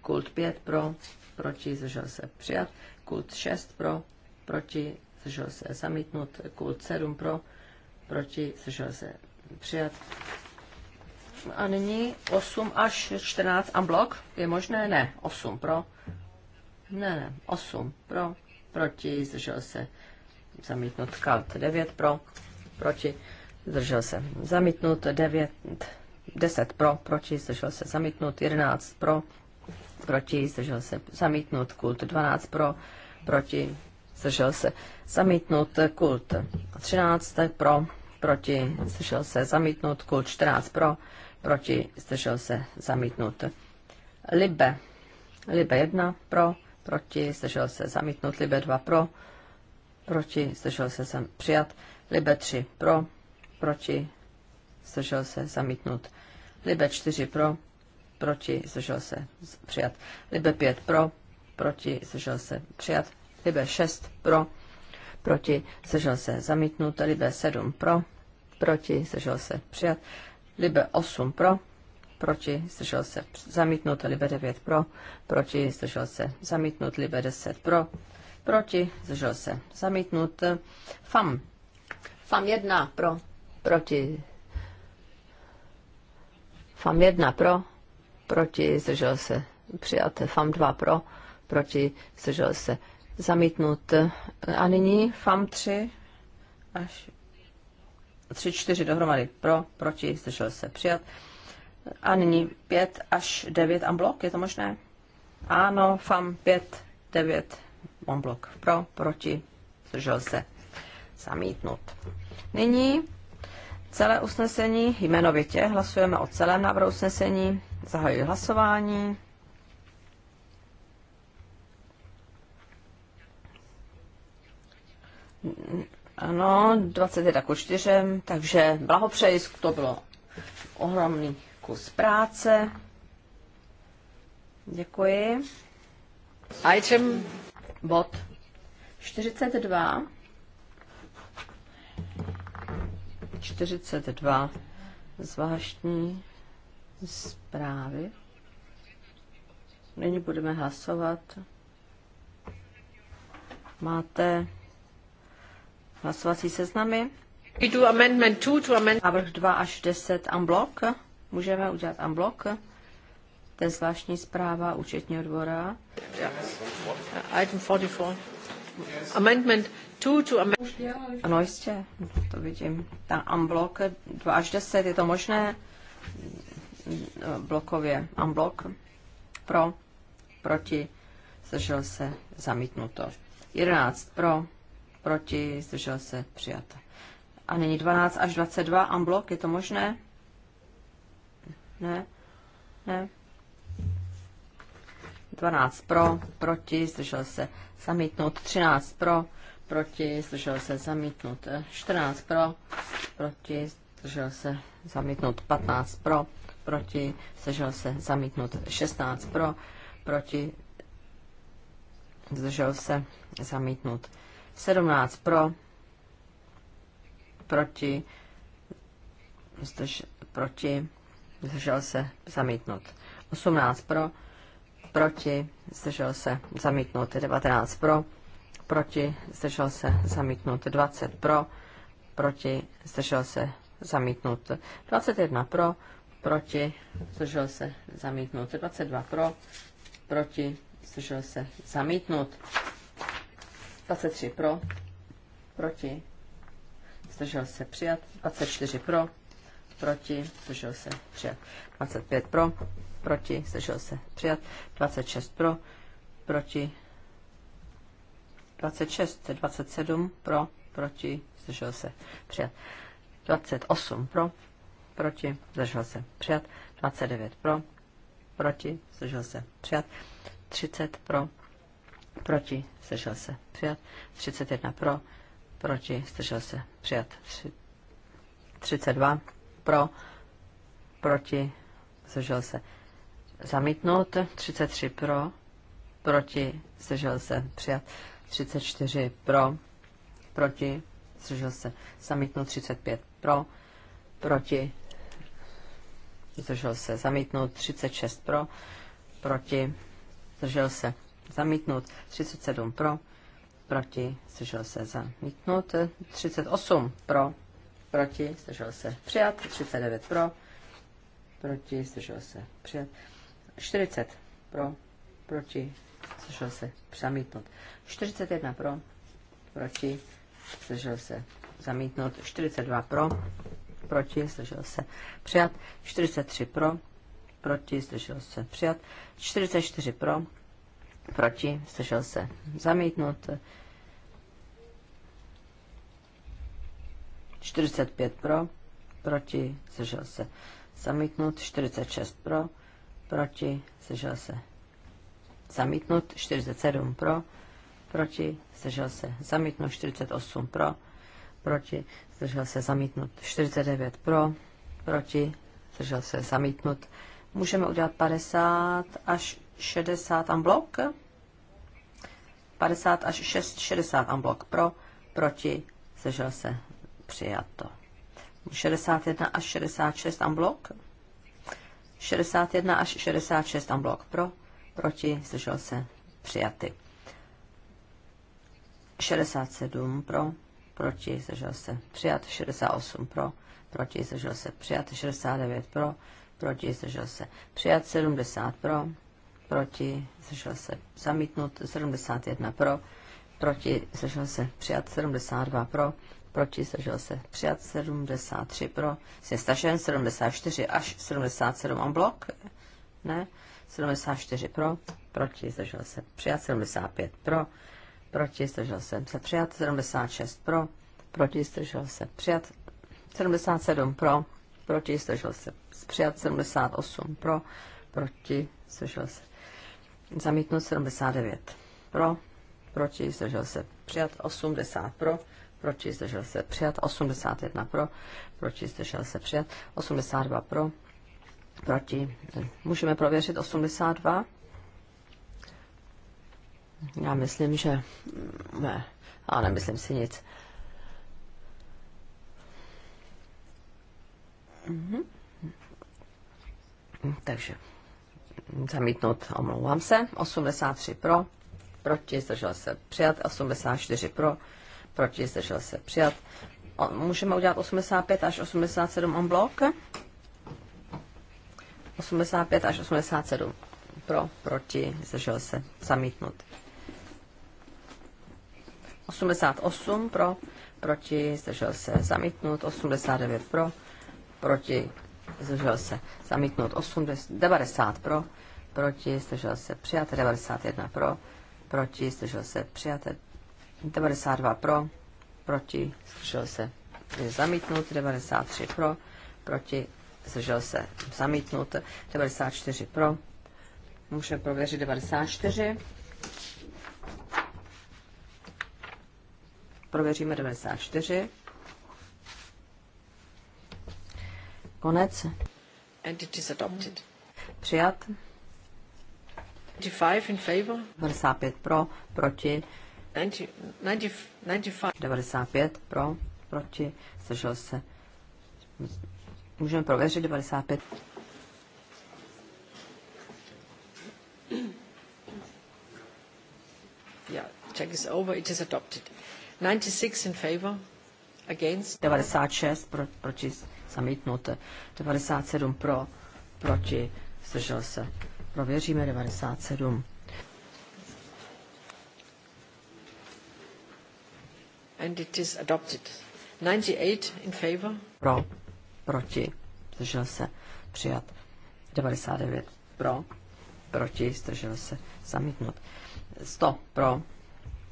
Kult 5 pro, proti, zdržel se, přijat kult 6 pro, proti, zdržel se zamítnut, kult 7 pro, proti, zdržel se přijat. A nyní 8 až 14 a blok je možné? Ne, 8 pro. Ne, ne, 8 pro, proti, zdržel se zamítnut, kult 9 pro, proti, zdržel se zamítnut, 9, 10 pro, proti, zdržel se zamítnut, 11 pro, proti, zdržel se zamítnut, kult 12 pro, proti, zdržel se zamítnut, kult 13 pro, proti, zdržel se zamítnut, kult 14 pro, proti, zdržel se zamítnut. Libe, Libe 1 pro, proti, zdržel se zamítnut, Libe 2 pro, proti, zdržel se sem přijat, Libe 3 pro, proti, zdržel se zamítnut, Libe 4 pro, proti, zdržel se, přijat. Libe 5 pro, proti, zdržel se, přijat. Libe 6 pro, proti, zdržel se, zamítnut. Libe 7 pro, proti, zdržel se, přijat. Libe 8 pro, proti, zdržel se, zamítnut. Libe 9 pro, proti, zdržel se, zamítnut. Libe 10 pro, proti, zdržel se, zamítnut. FAM. FAM 1 pro, proti, FAM 1 pro, proti, zdržel se přijat. FAM 2 pro, proti, zdržel se zamítnut. A nyní FAM 3 až 3, 4 dohromady pro, proti, zdržel se přijat. A nyní 5 až 9 amblok, je to možné? Ano, FAM 5, 9 amblok pro, proti, zdržel se zamítnut. Nyní celé usnesení jmenovitě. Hlasujeme o celém návrhu usnesení. Zahajuji hlasování. Ano, 21 ku 4, takže blahopřeji, to bylo ohromný kus práce. Děkuji. A je čem bod 42. 42. Zvláštní zprávy. Nyní budeme hlasovat. Máte hlasovací seznamy? Do amendment 2 to amendment. Návrh 2 až 10 unblock. Můžeme udělat unblock. To je zvláštní zpráva účetního dvora. Yeah. Item 44. Amendment 2 to amendment... Ano, jistě, to vidím. Tam unblock 2 až 10, je to možné? blokově unblock pro, proti, zdržel se, zamítnuto. 11 pro, proti, zdržel se, přijato. A nyní 12 až 22 unblock, je to možné? Ne? Ne? 12 pro, proti, zdržel se, zamítnut. 13 pro, proti, zdržel se, zamítnut. 14 pro, proti, zdržel se, zamítnut. 15 pro, proti, zdržel se, zamítnut 16 pro, proti, zdržel se, zamítnut 17 pro, proti, zdrž, proti, zdržel se, zamítnut 18 pro, proti, zdržel se, zamítnut 19 pro, proti, zdržel se, zamítnut 20 pro, proti, zdržel se, zamítnut 21 pro, proti, zdržel se zamítnut. 22 pro, proti, zdržel se zamítnut. 23 pro, proti, zdržel se přijat. 24 pro, proti, zdržel se přijat. 25 pro, proti, zdržel se přijat. 26 pro, proti, 26, 27 pro, proti, zdržel se přijat. 28 pro, proti, zdržel se, přijat. 29 pro, proti, zdržel se, přijat. 30 pro, proti, zdržel se, přijat. 31 pro, proti, zdržel se, přijat. 32 pro, proti, zdržel se, zamítnout. 33 pro, proti, zdržel se, přijat. 34 pro, proti, zdržel se, zamítnout. 35 pro, proti, zdržel se zamítnout, 36 pro, proti, zdržel se zamítnout, 37 pro, proti, zdržel se zamítnout, 38 pro, proti, zdržel se přijat, 39 pro, proti, zdržel se přijat, 40 pro, proti, zdržel se zamítnout, 41 pro, proti, zdržel se zamítnout, 42 pro, proti, zdržel se přijat, 43 pro, proti, zdržel se přijat, 44 pro, proti, zdržel se zamítnut, 45 pro, proti, zdržel se zamítnut, 46 pro, proti, zdržel se zamítnut, 47 pro, proti, zdržel se zamítnut, 48 pro, proti, zdržel se zamítnut. 49 pro, proti, zdržel se zamítnut. Můžeme udělat 50 až 60 amblok. 50 až 6, 60 amblok pro, proti, zdržel se přijato. 61 až 66 amblok. 61 až 66 amblok pro, proti, zdržel se přijaty. 67 pro, proti, zdržel se přijat, 68 pro, proti, zdržel se přijat, 69 pro, proti, zdržel se přijat, 70 pro, proti, zdržel se zamítnut, 71 pro, proti, zdržel se přijat, 72 pro, proti, zdržel se přijat, 73 pro, je stažen, 74 až 77 on blok, ne, 74 pro, proti, zdržel se přijat, 75 pro, proti, zdržel se, se přijat, 76 pro, proti, zdržel se, přijat, 77 pro, proti, zdržel se, přijat, 78 pro, proti, zdržel se, zamítnut 79 pro, proti, zdržel se, přijat, 80 pro, proti, zdržel se, přijat, 81 pro, proti, zdržel se, přijat, 82 pro, proti, můžeme prověřit 82, já myslím, že ne. A nemyslím si nic. Mhm. Takže zamítnout, omlouvám se. 83 pro, proti, zdržel se přijat. 84 pro, proti, zdržel se přijat. O, můžeme udělat 85 až 87 on blok. 85 až 87 pro, proti, zdržel se, zamítnut. 88 pro, proti, zdržel se zamítnout, 89 pro, proti, zdržel se zamítnout, 80, 90 pro, proti, zdržel se přijat, 91 pro, proti, zdržel se přijat, 92 pro, proti, zdržel se zamítnout, 93 pro, proti, zdržel se zamítnout, 94 pro, můžeme prověřit 94. Prověříme 94. Konec. And it is adopted. Přijat. 95 in favor. 95 pro, proti. 95. 95 pro, proti. Zdržel se. Můžeme prověřit 95. Yeah, check is over. It is adopted. 96 pro, proti zamítnut, 97 pro, proti zdržel se. Prověříme 97. And it is adopted. 98 in favor. Pro, proti, zdržel se, přijat. 99 pro, proti, zdržel se, zamítnut. 100 pro,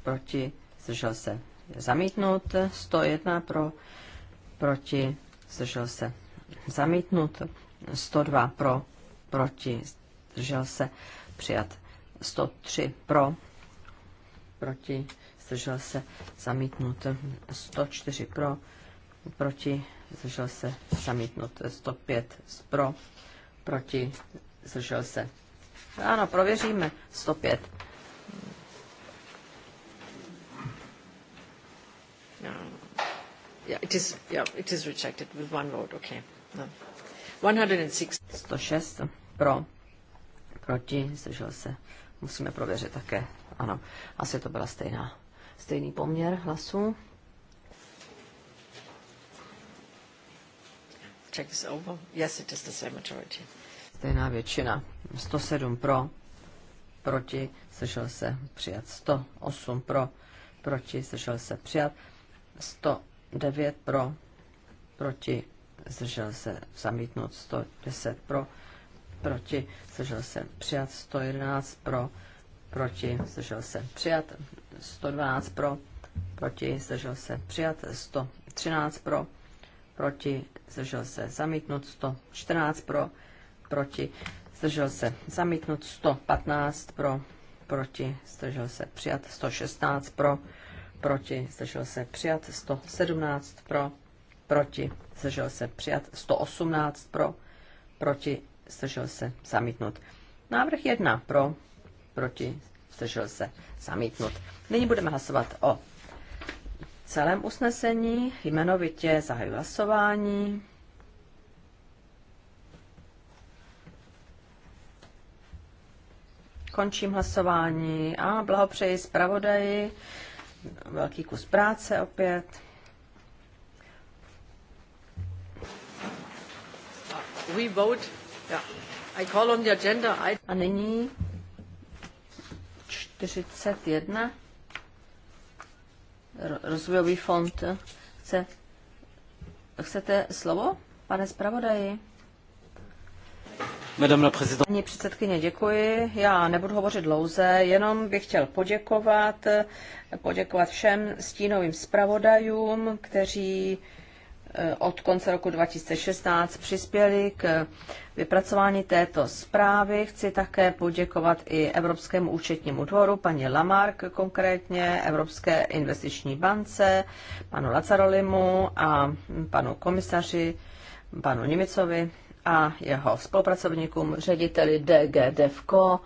proti, zdržel se, zamítnut, 101 pro, proti, zdržel se zamítnut, 102 pro, proti, zdržel se přijat, 103 pro, proti, zdržel se zamítnut, 104 pro, proti, zdržel se zamítnut, 105 pro, proti, zdržel se. Ano, prověříme, 105. Yeah, it is, yeah, it is rejected with one vote, okay. No. 106. 106 pro, proti, zdržel se. Musíme prověřit také, ano. Asi to byla stejná, stejný poměr hlasů. Check is over. Yes, it is the same majority. Stejná většina. 107 pro, proti, zdržel se přijat. 108 pro, proti, zdržel se přijat. 100 109 pro, proti, zdržel se zamítnout 110 pro, proti, zdržel se přijat 111 pro, proti, zdržel se přijat 112 pro, proti, zdržel se přijat 113 pro, proti, zdržel se zamítnout 114 pro, proti, zdržel se zamítnout 115 pro, proti, zdržel se přijat 116 pro, proti, zdržel se přijat 117 pro, proti, zdržel se přijat 118 pro, proti, zdržel se zamítnut. Návrh 1 pro, proti, zdržel se zamítnut. Nyní budeme hlasovat o celém usnesení, jmenovitě zahajuji hlasování. Končím hlasování a blahopřeji zpravodaji velký kus práce opět. We vote. Yeah. I call on the agenda. I... A nyní 41. Rozvojový fond. Chce, chcete slovo, pane zpravodaji? Paní předsedkyně, děkuji. Já nebudu hovořit dlouze, jenom bych chtěl poděkovat, poděkovat všem stínovým zpravodajům, kteří eh, od konce roku 2016 přispěli k vypracování této zprávy. Chci také poděkovat i Evropskému účetnímu dvoru, paní Lamark konkrétně, Evropské investiční bance, panu Lacarolimu a panu komisaři, panu Nimicovi a jeho spolupracovníkům, řediteli DG Devko,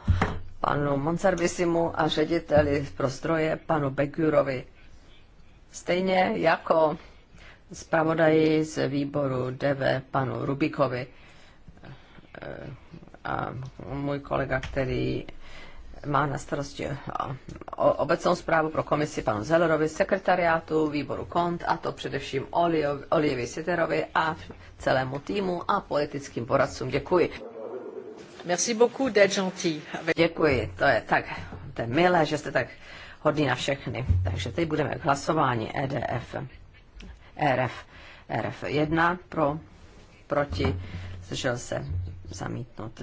panu Monservisimu a řediteli pro stroje panu Begurovi. Stejně jako zpravodaji z výboru DV panu Rubikovi e, a můj kolega, který má na starosti eh, obecnou zprávu pro komisi panu Zellerovi, sekretariátu, výboru KONT, a to především Olivi Siterovi a celému týmu a politickým poradcům. Děkuji. Merci beaucoup d'être gentil. Děkuji, to je tak, to je milé, že jste tak hodný na všechny. Takže teď budeme k hlasování EDF, RF, RF 1 pro, proti, zdržel se zamítnout.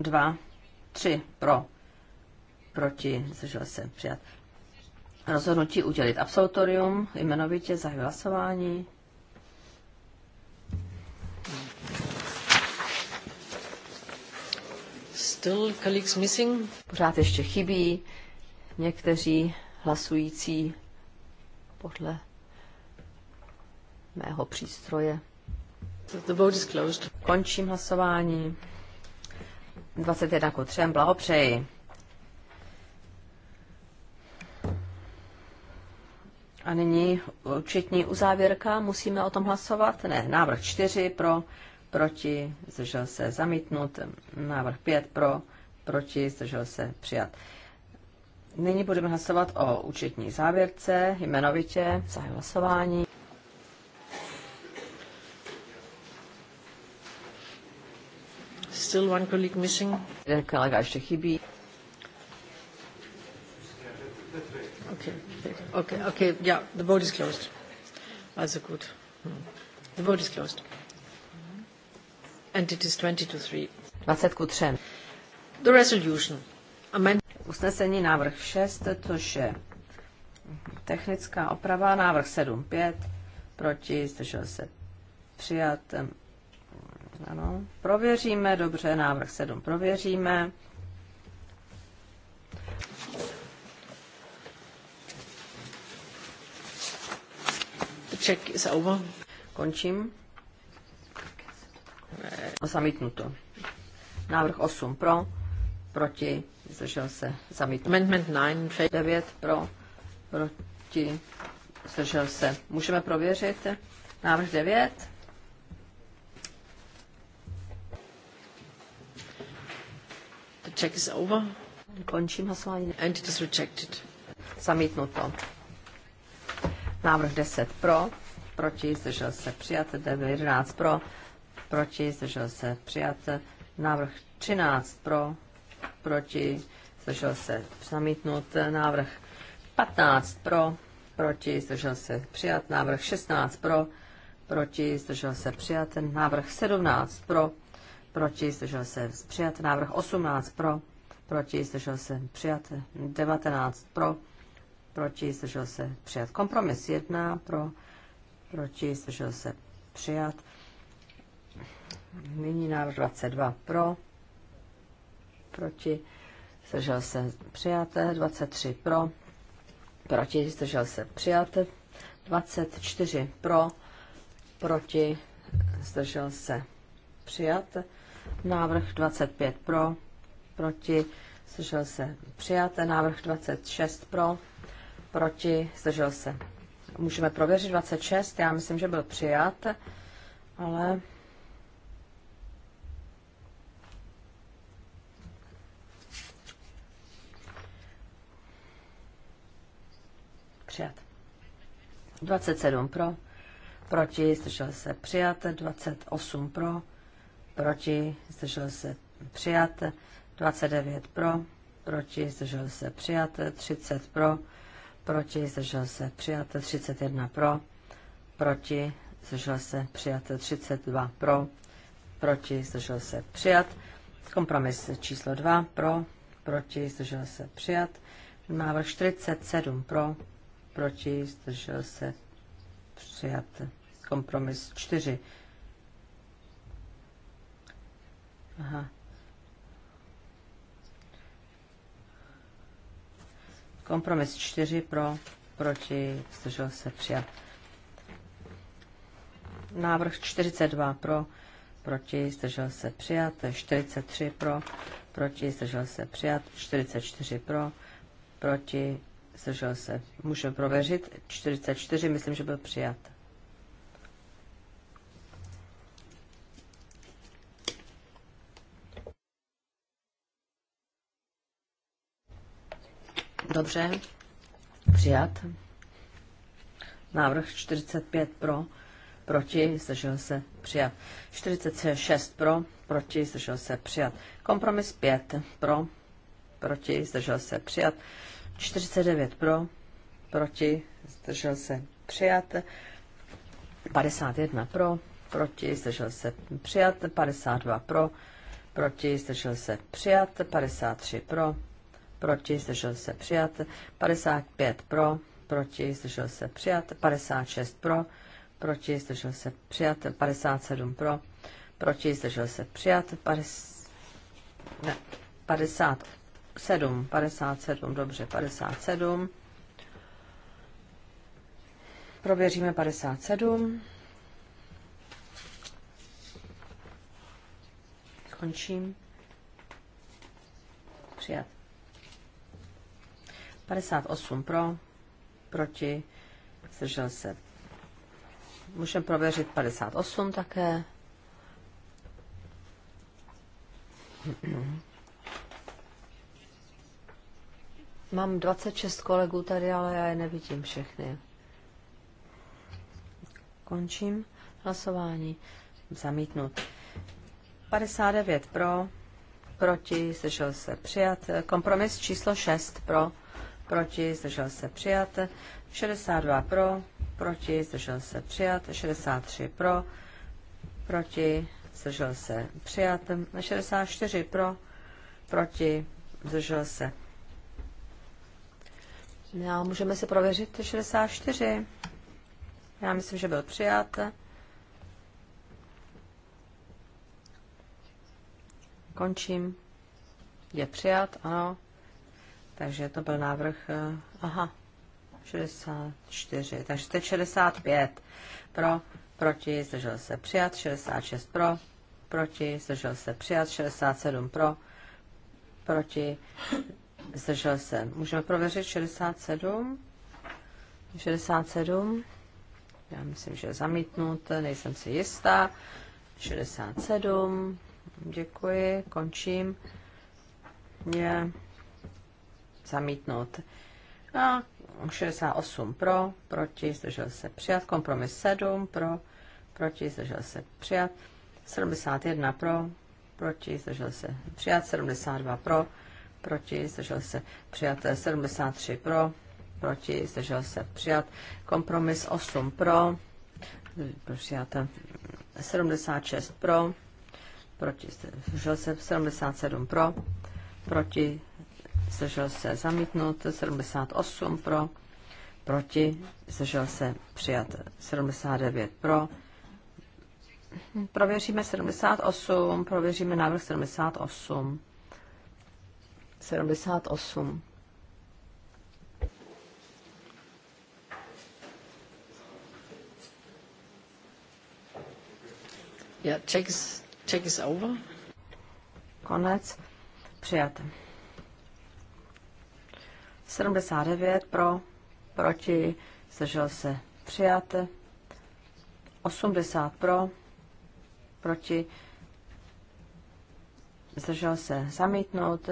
Dva. 3 pro, proti, zdržel se přijat. Rozhodnutí udělit absolutorium, jmenovitě za hlasování. Still colleagues missing. Pořád ještě chybí někteří hlasující podle mého přístroje. The vote is closed. Končím hlasování. 21 ku 3, blahopřeji. A nyní účetní uzávěrka, musíme o tom hlasovat? Ne, návrh 4 pro, proti, zdržel se zamítnut, návrh 5 pro, proti, zdržel se přijat. Nyní budeme hlasovat o účetní závěrce, jmenovitě, za hlasování. Still one colleague missing. kolega ještě chybí. Okay, okay, okay, yeah, the vote is closed. Also gut. Hmm. The vote is closed. And it is 20 to 3. 20 The resolution. Amen. Usnesení návrh 6, což je technická oprava, návrh 7, 5, proti, zdržel se přijat, ano, prověříme, dobře, návrh 7 prověříme. The check is over. Končím. A eh, zamítnuto. Návrh 8 pro, proti, zdržel se, zamítnuto. Amendment 9, 9 pro, proti, zdržel se. Můžeme prověřit. Návrh 9. Check is over. Končím hlasování. And it is rejected. Zamítnuto. Návrh 10 pro, proti, zdržel se přijat, 11 pro, proti, zdržel se přijat, návrh 13 pro, proti, zdržel se zamítnut, návrh 15 pro, proti, zdržel se přijat, návrh 16 pro, proti, zdržel se přijat, návrh 17 pro, proti, zdržel se přijat. Návrh 18 pro, proti, zdržel se přijat. 19 pro, proti, zdržel se přijat. Kompromis 1 pro, proti, zdržel se přijat. Nyní návrh 22 pro, proti, zdržel se přijat 23 pro, proti, zdržel se přijat 24 pro, proti, zdržel se přijat, Návrh 25 pro, proti, zdržel se přijat. Návrh 26 pro, proti, zdržel se. Můžeme prověřit 26, já myslím, že byl přijat, ale přijat. 27 pro, proti, zdržel se přijat, 28 pro, proti, zdržel se přijat, 29 pro, proti, zdržel se přijat, 30 pro, proti, zdržel se přijat, 31 pro, proti, zdržel se přijat, 32 pro, proti, zdržel se přijat, kompromis číslo 2 pro, proti, zdržel se přijat, návrh 47 pro, proti, zdržel se přijat, kompromis 4 Aha. Kompromis 4 pro, proti, zdržel se přijat. Návrh 42 pro, proti, zdržel se přijat. 43 pro, proti, zdržel se přijat. 44 pro, proti, zdržel se. Můžeme prověřit. 44, myslím, že byl přijat. Dobře. Přijat. Návrh 45 pro, proti, zdržel se přijat. 46 pro, proti, zdržel se přijat. Kompromis 5 pro, proti, zdržel se přijat. 49 pro, proti, zdržel se přijat. 51 pro, proti, zdržel se přijat. 52 pro, proti, zdržel se přijat. 53 pro, proti, zdržel se přijat, 55 pro, proti, zdržel se přijat, 56 pro, proti, zdržel se přijat, 57 pro, proti, zdržel se přijat, 50, ne, 57, 57, dobře, 57, prověříme 57, končím, přijat. 58 pro, proti, zdržel se. Můžeme prověřit 58 také. Mám 26 kolegů tady, ale já je nevidím všechny. Končím hlasování. Zamítnut. 59 pro, proti, zdržel se přijat. Kompromis číslo 6 pro, proti, zdržel se přijat, 62 pro, proti, zdržel se přijat, 63 pro, proti, zdržel se přijat, 64 pro, proti, zdržel se. No, můžeme si prověřit 64. Já myslím, že byl přijat. Končím. Je přijat, ano. Takže to byl návrh, eh, aha, 64, takže to je 65 pro, proti, zdržel se přijat, 66 pro, proti, zdržel se přijat, 67 pro, proti, zdržel se. Můžeme prověřit 67, 67, já myslím, že je zamítnut, nejsem si jistá, 67, děkuji, končím. Yeah zamítnout. A 68 pro, proti, zdržel se přijat. Kompromis 7 pro, proti, zdržel se přijat. 71 pro, proti, zdržel se přijat. 72 pro, proti, zdržel se přijat. 73 pro, proti, zdržel se přijat. Kompromis 8 pro, přijat. 76 pro, proti, zdržel se 77 pro, proti, zdržel se zamítnut, 78 pro, proti, zdržel se přijat, 79 pro. Prověříme 78, prověříme návrh 78. 78. Yeah, check is, check is over. Konec. Přijat. 79 pro, proti, zdržel se přijat. 80 pro, proti, zdržel se zamítnout.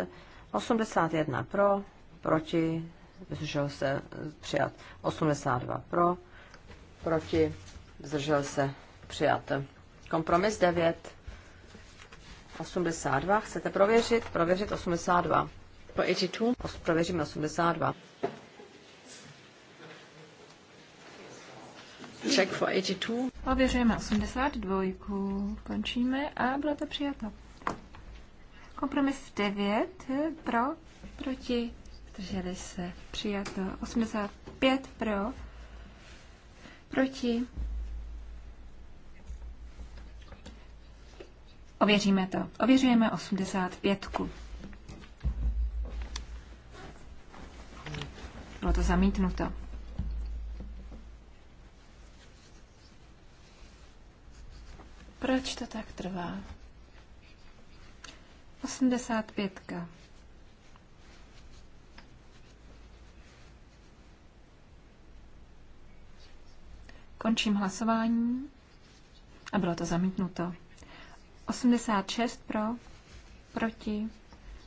81 pro, proti, zdržel se přijat. 82 pro, proti, zdržel se přijat. Kompromis 9. 82. Chcete prověřit? Prověřit 82. 82. 82. Check for 82. Ověřujeme 82. Končíme a bylo to přijato. Kompromis 9 eh, pro, proti, zdrželi se, přijato. 85 pro, proti. Ověříme to. Ověřujeme 85. to zamítnuto. Proč to tak trvá? 85. Končím hlasování a bylo to zamítnuto. 86 pro, proti,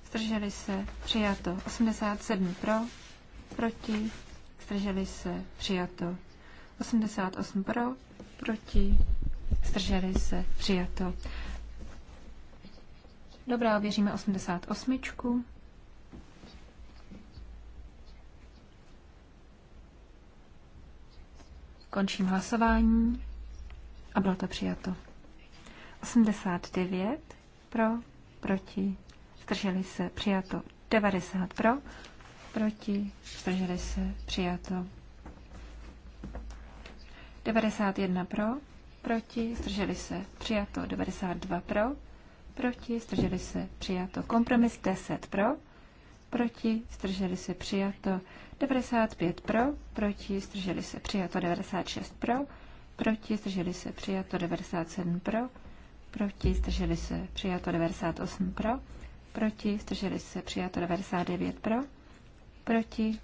zdrželi se, přijato. 87 pro, proti, zdrželi se, přijato. 88 pro, proti, zdrželi se, přijato. Dobrá, ověříme 88. Končím hlasování a bylo to přijato. 89 pro, proti, zdrželi se, přijato 90 pro, proti, zdrželi se, přijato. 91 pro, proti, zdrželi se, přijato. 92 pro, proti, zdrželi se, přijato. Kompromis 10 pro, proti, zdrželi se, přijato. 95 pro, proti, zdrželi se, přijato. 96 pro, proti, zdrželi se, přijato. 97 pro, proti, zdrželi se, přijato. 98 pro, proti, zdrželi se, přijato. 99 pro, Proti?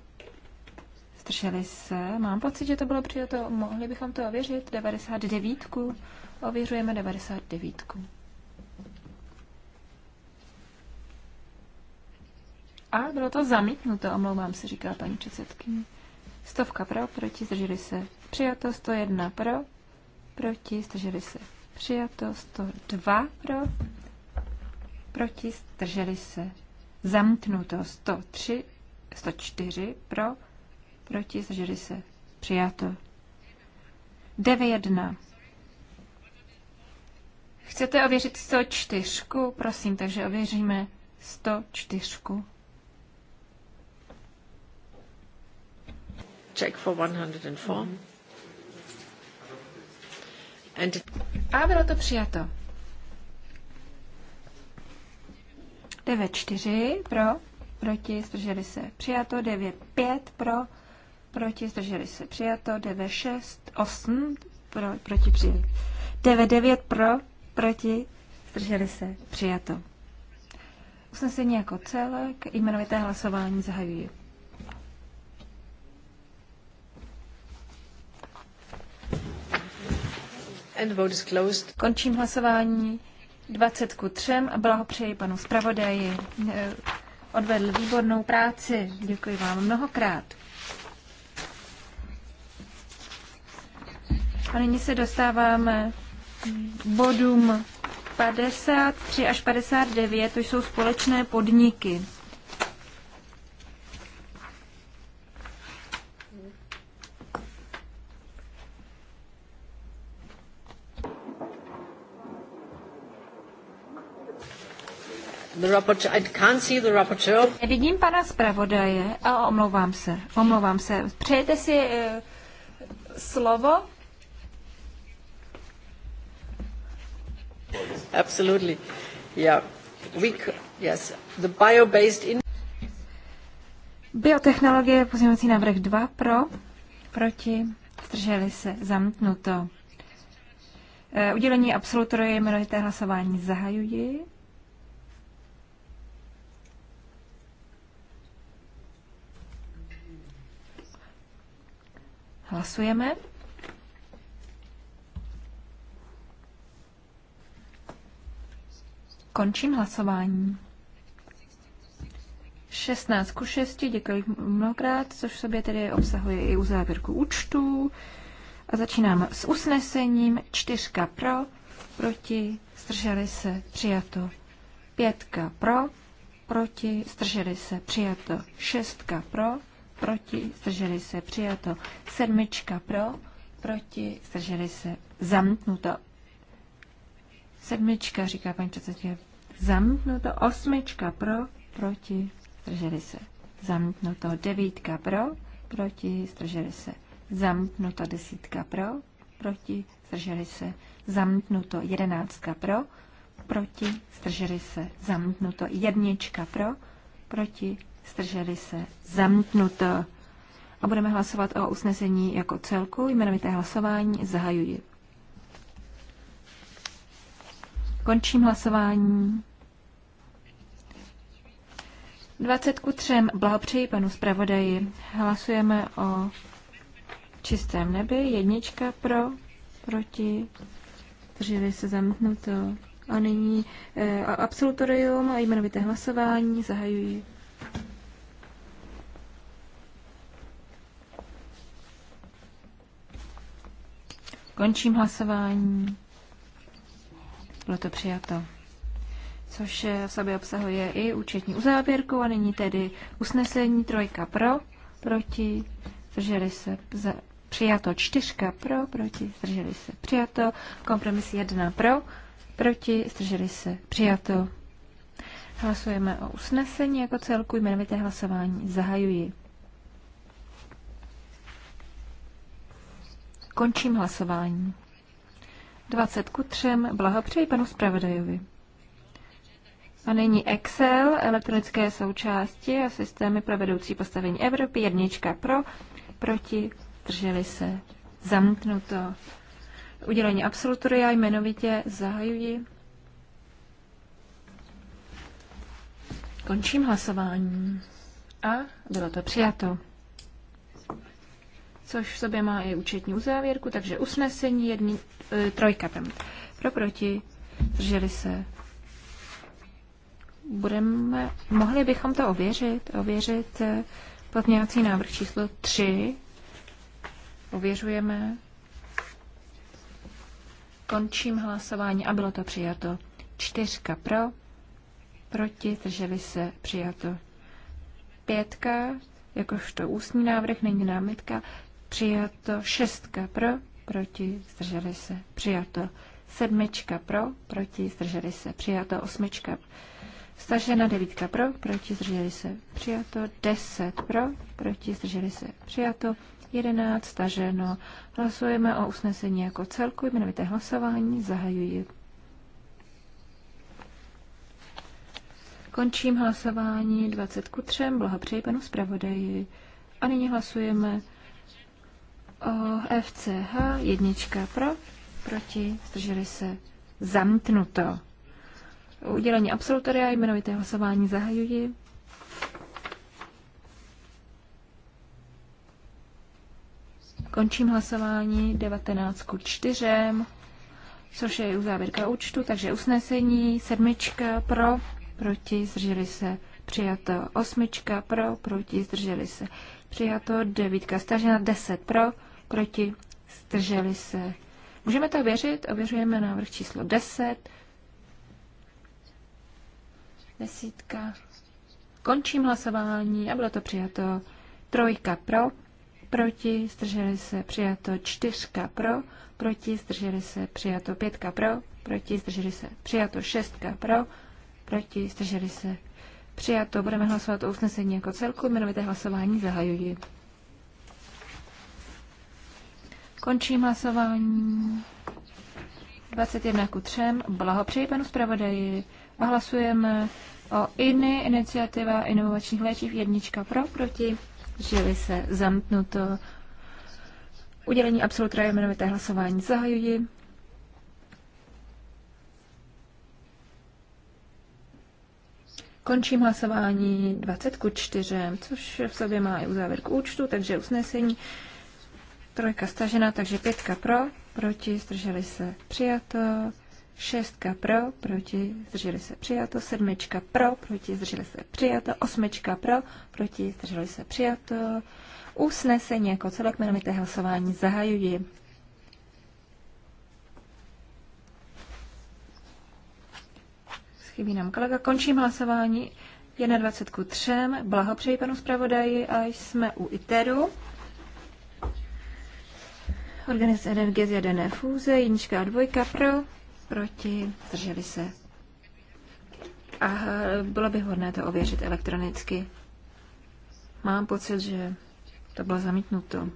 Zdrželi se. Mám pocit, že to bylo přijato. Mohli bychom to ověřit? 99. -ku. Ověřujeme 99. -ku. A bylo to zamítnuto, omlouvám se, říká paní předsedkyně. Stovka pro, proti, zdrželi se. Přijato 101 pro, proti, zdrželi se. Přijato 102 pro, proti, zdrželi se. Zamítnuto 103 104 pro, proti, zdrželi se, přijato. 9.1. Chcete ověřit 104? Prosím, takže ověříme 104. Check for 104. And A bylo to přijato. 9.4 pro, proti, zdrželi se přijato, 9, 5 pro, proti, zdrželi se přijato, 9, 6, 8 pro, proti přijato, 9, 9 pro, proti, zdrželi se přijato. Usnesení jako celek, jmenovité hlasování zahajuji. And vote is closed. Končím hlasování 20 ku 3 a blahopřeji panu zpravodaji odvedl výbornou práci. Děkuji vám mnohokrát. A nyní se dostáváme k bodům 53 až 59, to jsou společné podniky. Nevidím pana zpravodaje a omlouvám se. Omlouvám se. Přejete si uh, slovo? Absolutely. Yeah. We, yes. The bio-based in... Biotechnologie, pozměňovací návrh 2 pro, proti, zdrželi se, zamknuto. Eh, udělení absolutoria jmenovité hlasování zahajují. Hlasujeme. Končím hlasování. 16 ku 6, děkuji mnohokrát, což v sobě tedy obsahuje i uzávěrku účtu. A začínám s usnesením. Čtyřka pro, proti, zdrželi se, přijato. Pětka pro, proti, zdrželi se, přijato. Šestka pro, proti, zdrželi se, přijato. Sedmička pro, proti, zdrželi se, zamknuto. Sedmička, říká paní předsedkyně, zamknuto. Osmička pro, proti, zdrželi se, zamknuto. Devítka pro, proti, zdrželi se, zamknuto. Desítka pro, proti, zdrželi se, zamknuto. Jedenáctka pro, proti, zdrželi se, zamknuto. Jednička pro, proti, zdrželi se, zamknuto A budeme hlasovat o usnesení jako celku, jmenovité hlasování, zahajuji. Končím hlasování. 20 ku 3. Blahopřeji panu zpravodaji. Hlasujeme o čistém nebi. Jednička pro, proti. Drželi se zamknuto A nyní e, absolutorium a jmenovité hlasování. Zahajuji. Končím hlasování. Bylo to přijato. Což eh, v sobě obsahuje i účetní uzávěrku a nyní tedy usnesení trojka pro, proti, zdrželi se za, přijato čtyřka pro, proti, zdrželi se přijato, kompromis jedna pro, proti, zdrželi se přijato. Hlasujeme o usnesení jako celku, jmenovité hlasování zahajuji. Končím hlasování. 20 ku 3. Blahopřeji panu zpravodajovi. A nyní Excel, elektronické součásti a systémy pro vedoucí postavení Evropy. Jednička pro, proti, drželi se. Zamknuto. Udělení absolutoria jmenovitě zahajuji. Končím hlasování. A bylo to přijato což v sobě má i účetní uzávěrku, takže usnesení jedni, e, trojka tam. Pro proti, Drželi se. Budeme, mohli bychom to ověřit, ověřit e, pozměňovací návrh číslo 3. Ověřujeme. Končím hlasování a bylo to přijato. Čtyřka pro, proti, drželi se, přijato. Pětka, jakožto ústní návrh, není námitka, Přijato šestka pro, proti, zdrželi se. Přijato sedmička pro, proti, zdrželi se. Přijato osmička. Stažena devítka pro, proti, zdrželi se. Přijato deset pro, proti, zdrželi se. Přijato jedenáct staženo. Hlasujeme o usnesení jako celku, jmenovité hlasování, zahajuji. Končím hlasování 20 ku 3, blahopřeji panu zpravodaji. A nyní hlasujeme FCH eh, jednička pro, proti, zdrželi se zamknuto. Udělení absolutoria jmenovité hlasování zahajuji. Končím hlasování 19 ku 4, což je závěrka účtu, takže usnesení sedmička pro, proti, zdrželi se přijato osmička pro, proti, zdrželi se přijato devítka stažena, deset pro, proti, strželi se. Můžeme to věřit, ověřujeme návrh číslo 10. Desítka. Končím hlasování a bylo to přijato. Trojka pro, proti, strželi se, přijato. Čtyřka pro, proti, strželi se, přijato. Pětka pro, proti, strželi se, přijato. Šestka pro, proti, strželi se, přijato. Budeme hlasovat o usnesení jako celku, jmenovité hlasování zahajuji. Končím hlasování. 21 ku 3. Blahopřeji panu zpravodaji. A hlasujeme o INI, iniciativa inovačních léčiv jednička pro, proti. Žili se zamknuto. Udělení absolutra jmenovité hlasování zahajuji. Končím hlasování 20 ku 4, což v sobě má i uzávěr k účtu, takže usnesení Trojka stažena, takže pětka pro, proti, zdrželi se přijato. Šestka pro, proti, zdrželi se přijato. Sedmička pro, proti, zdrželi se přijato. Osmička pro, proti, zdrželi se přijato. Usnesení jako celek jmenovité hlasování zahajuji. Chybí nám kolega. Končím hlasování 21 ku 3. Blahopřeji panu zpravodaji a jsme u ITERu. Organizace energie z jaderné fůze, jednička a dvojka pro, proti, zdrželi se. A eh, bylo by hodné to ověřit elektronicky. Mám pocit, že to bylo zamítnuto.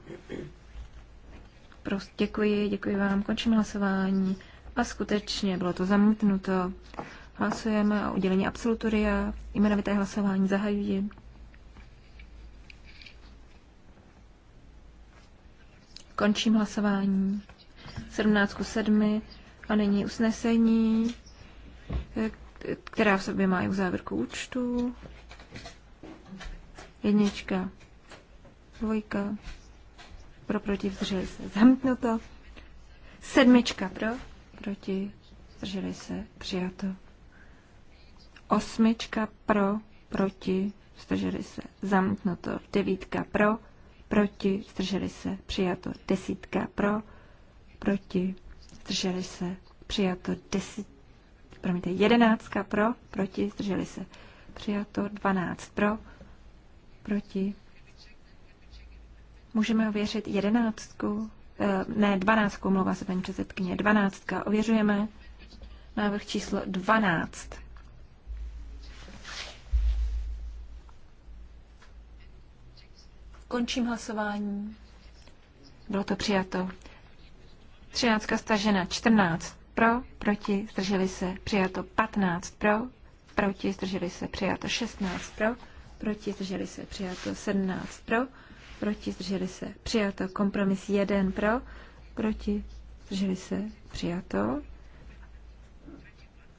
Prostě děkuji, děkuji vám, končím hlasování. A skutečně bylo to zamítnuto. Hlasujeme o udělení absolutoria, jmenovité hlasování zahajuji. Končím hlasování. 17 7 a nyní usnesení, která v sobě má i závěrku účtu. Jednička, dvojka, pro, proti, zdrželi se, zamknuto. Sedmička pro, proti, zdrželi se, přijato. Osmička pro, proti, zdrželi se, zamknuto. Devítka pro, proti, zdrželi se, přijato desítka pro, proti, zdrželi se, přijato desít promiňte, jedenáctka pro, proti, zdrželi se, přijato dvanáct pro, proti. Můžeme ověřit jedenáctku, eh, ne, dvanáctku, mluvá se paní předsedkyně, dvanáctka, ověřujeme návrh číslo dvanáct. Končím hlasování. Bylo to přijato. 13 stažena, 14 pro, proti, zdrželi se, přijato 15 pro, proti, zdrželi se, přijato 16 pro, proti, zdrželi se, přijato 17 pro, proti, zdrželi se, přijato kompromis 1 pro, proti, zdrželi se, přijato.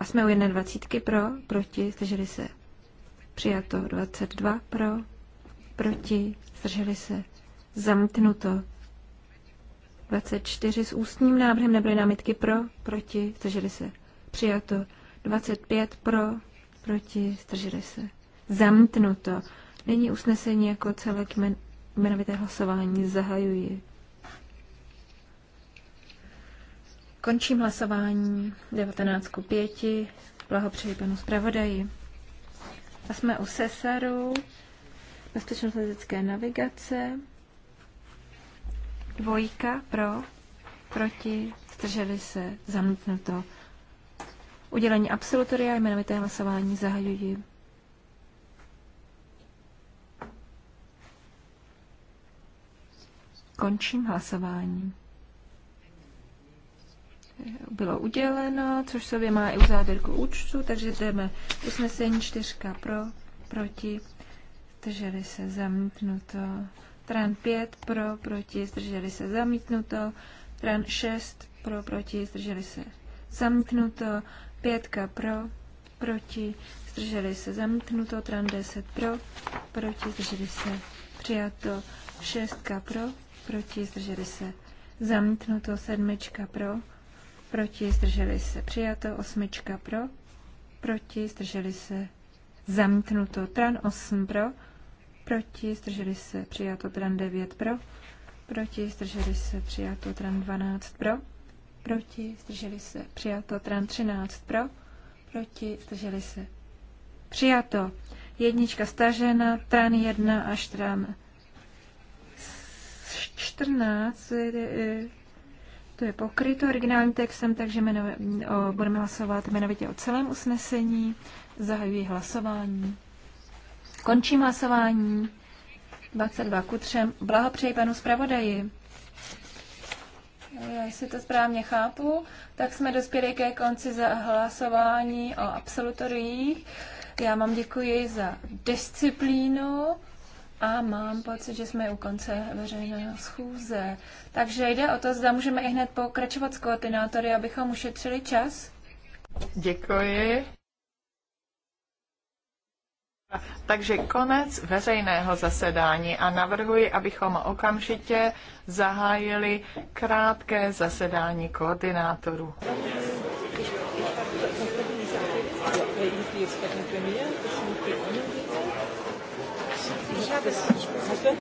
A jsme u 21 pro, proti, zdrželi se, přijato 22 pro, proti, zdrželi se, zamítnuto. 24 s ústním návrhem nebyly námitky pro, proti, zdrželi se, přijato. 25 pro, proti, zdrželi se, zamítnuto. Nyní usnesení jako celek jmenovité hlasování zahajuji. Končím hlasování 19 k 5. Blahopřeji panu zpravodaji. A jsme u sesaru bezpečnost letecké navigace, dvojka pro, proti, zdrželi se, to. Udělení absolutoria, jmenovité hlasování, zahajuji. Končím hlasování. Bylo uděleno, což sobě má i závěrku účtu, takže jdeme usnesení čtyřka pro, proti, zdrželi se zamítnuto. Tran 5 pro, proti, zdrželi se zamítnuto. Tran 6 pro, proti, zdrželi se zamítnuto. Pětka pro, proti, zdrželi se zamítnuto. Tran 10 pro, proti, zdrželi se přijato. Šestka pro, proti, zdrželi se zamítnuto. Sedmička pro, proti, zdrželi se přijato. Osmička pro, proti, zdrželi se zamítnuto. Tran 8 pro, proti, zdrželi se, přijato tran 9 pro, proti, zdrželi se, přijato tran 12 pro, proti, zdrželi se, přijato tran 13 pro, proti, zdrželi se, přijato. Jednička stažena, tran 1 až tran 14, eh, to je pokryto originálním textem, takže jmenov, o, budeme hlasovat jmenovitě o celém usnesení. Zahajuji hlasování. Končím hlasování. 22 ku 3. Blahopřeji panu zpravodaji. Jestli to správně chápu, tak jsme dospěli ke konci za hlasování o absolutoriích. Já vám děkuji za disciplínu a mám pocit, že jsme u konce veřejné schůze. Takže jde o to, zda můžeme i hned pokračovat s koordinátory, abychom ušetřili čas. Děkuji. Takže konec veřejného zasedání a navrhuji, abychom okamžitě zahájili krátké zasedání koordinátorů. Ich habe es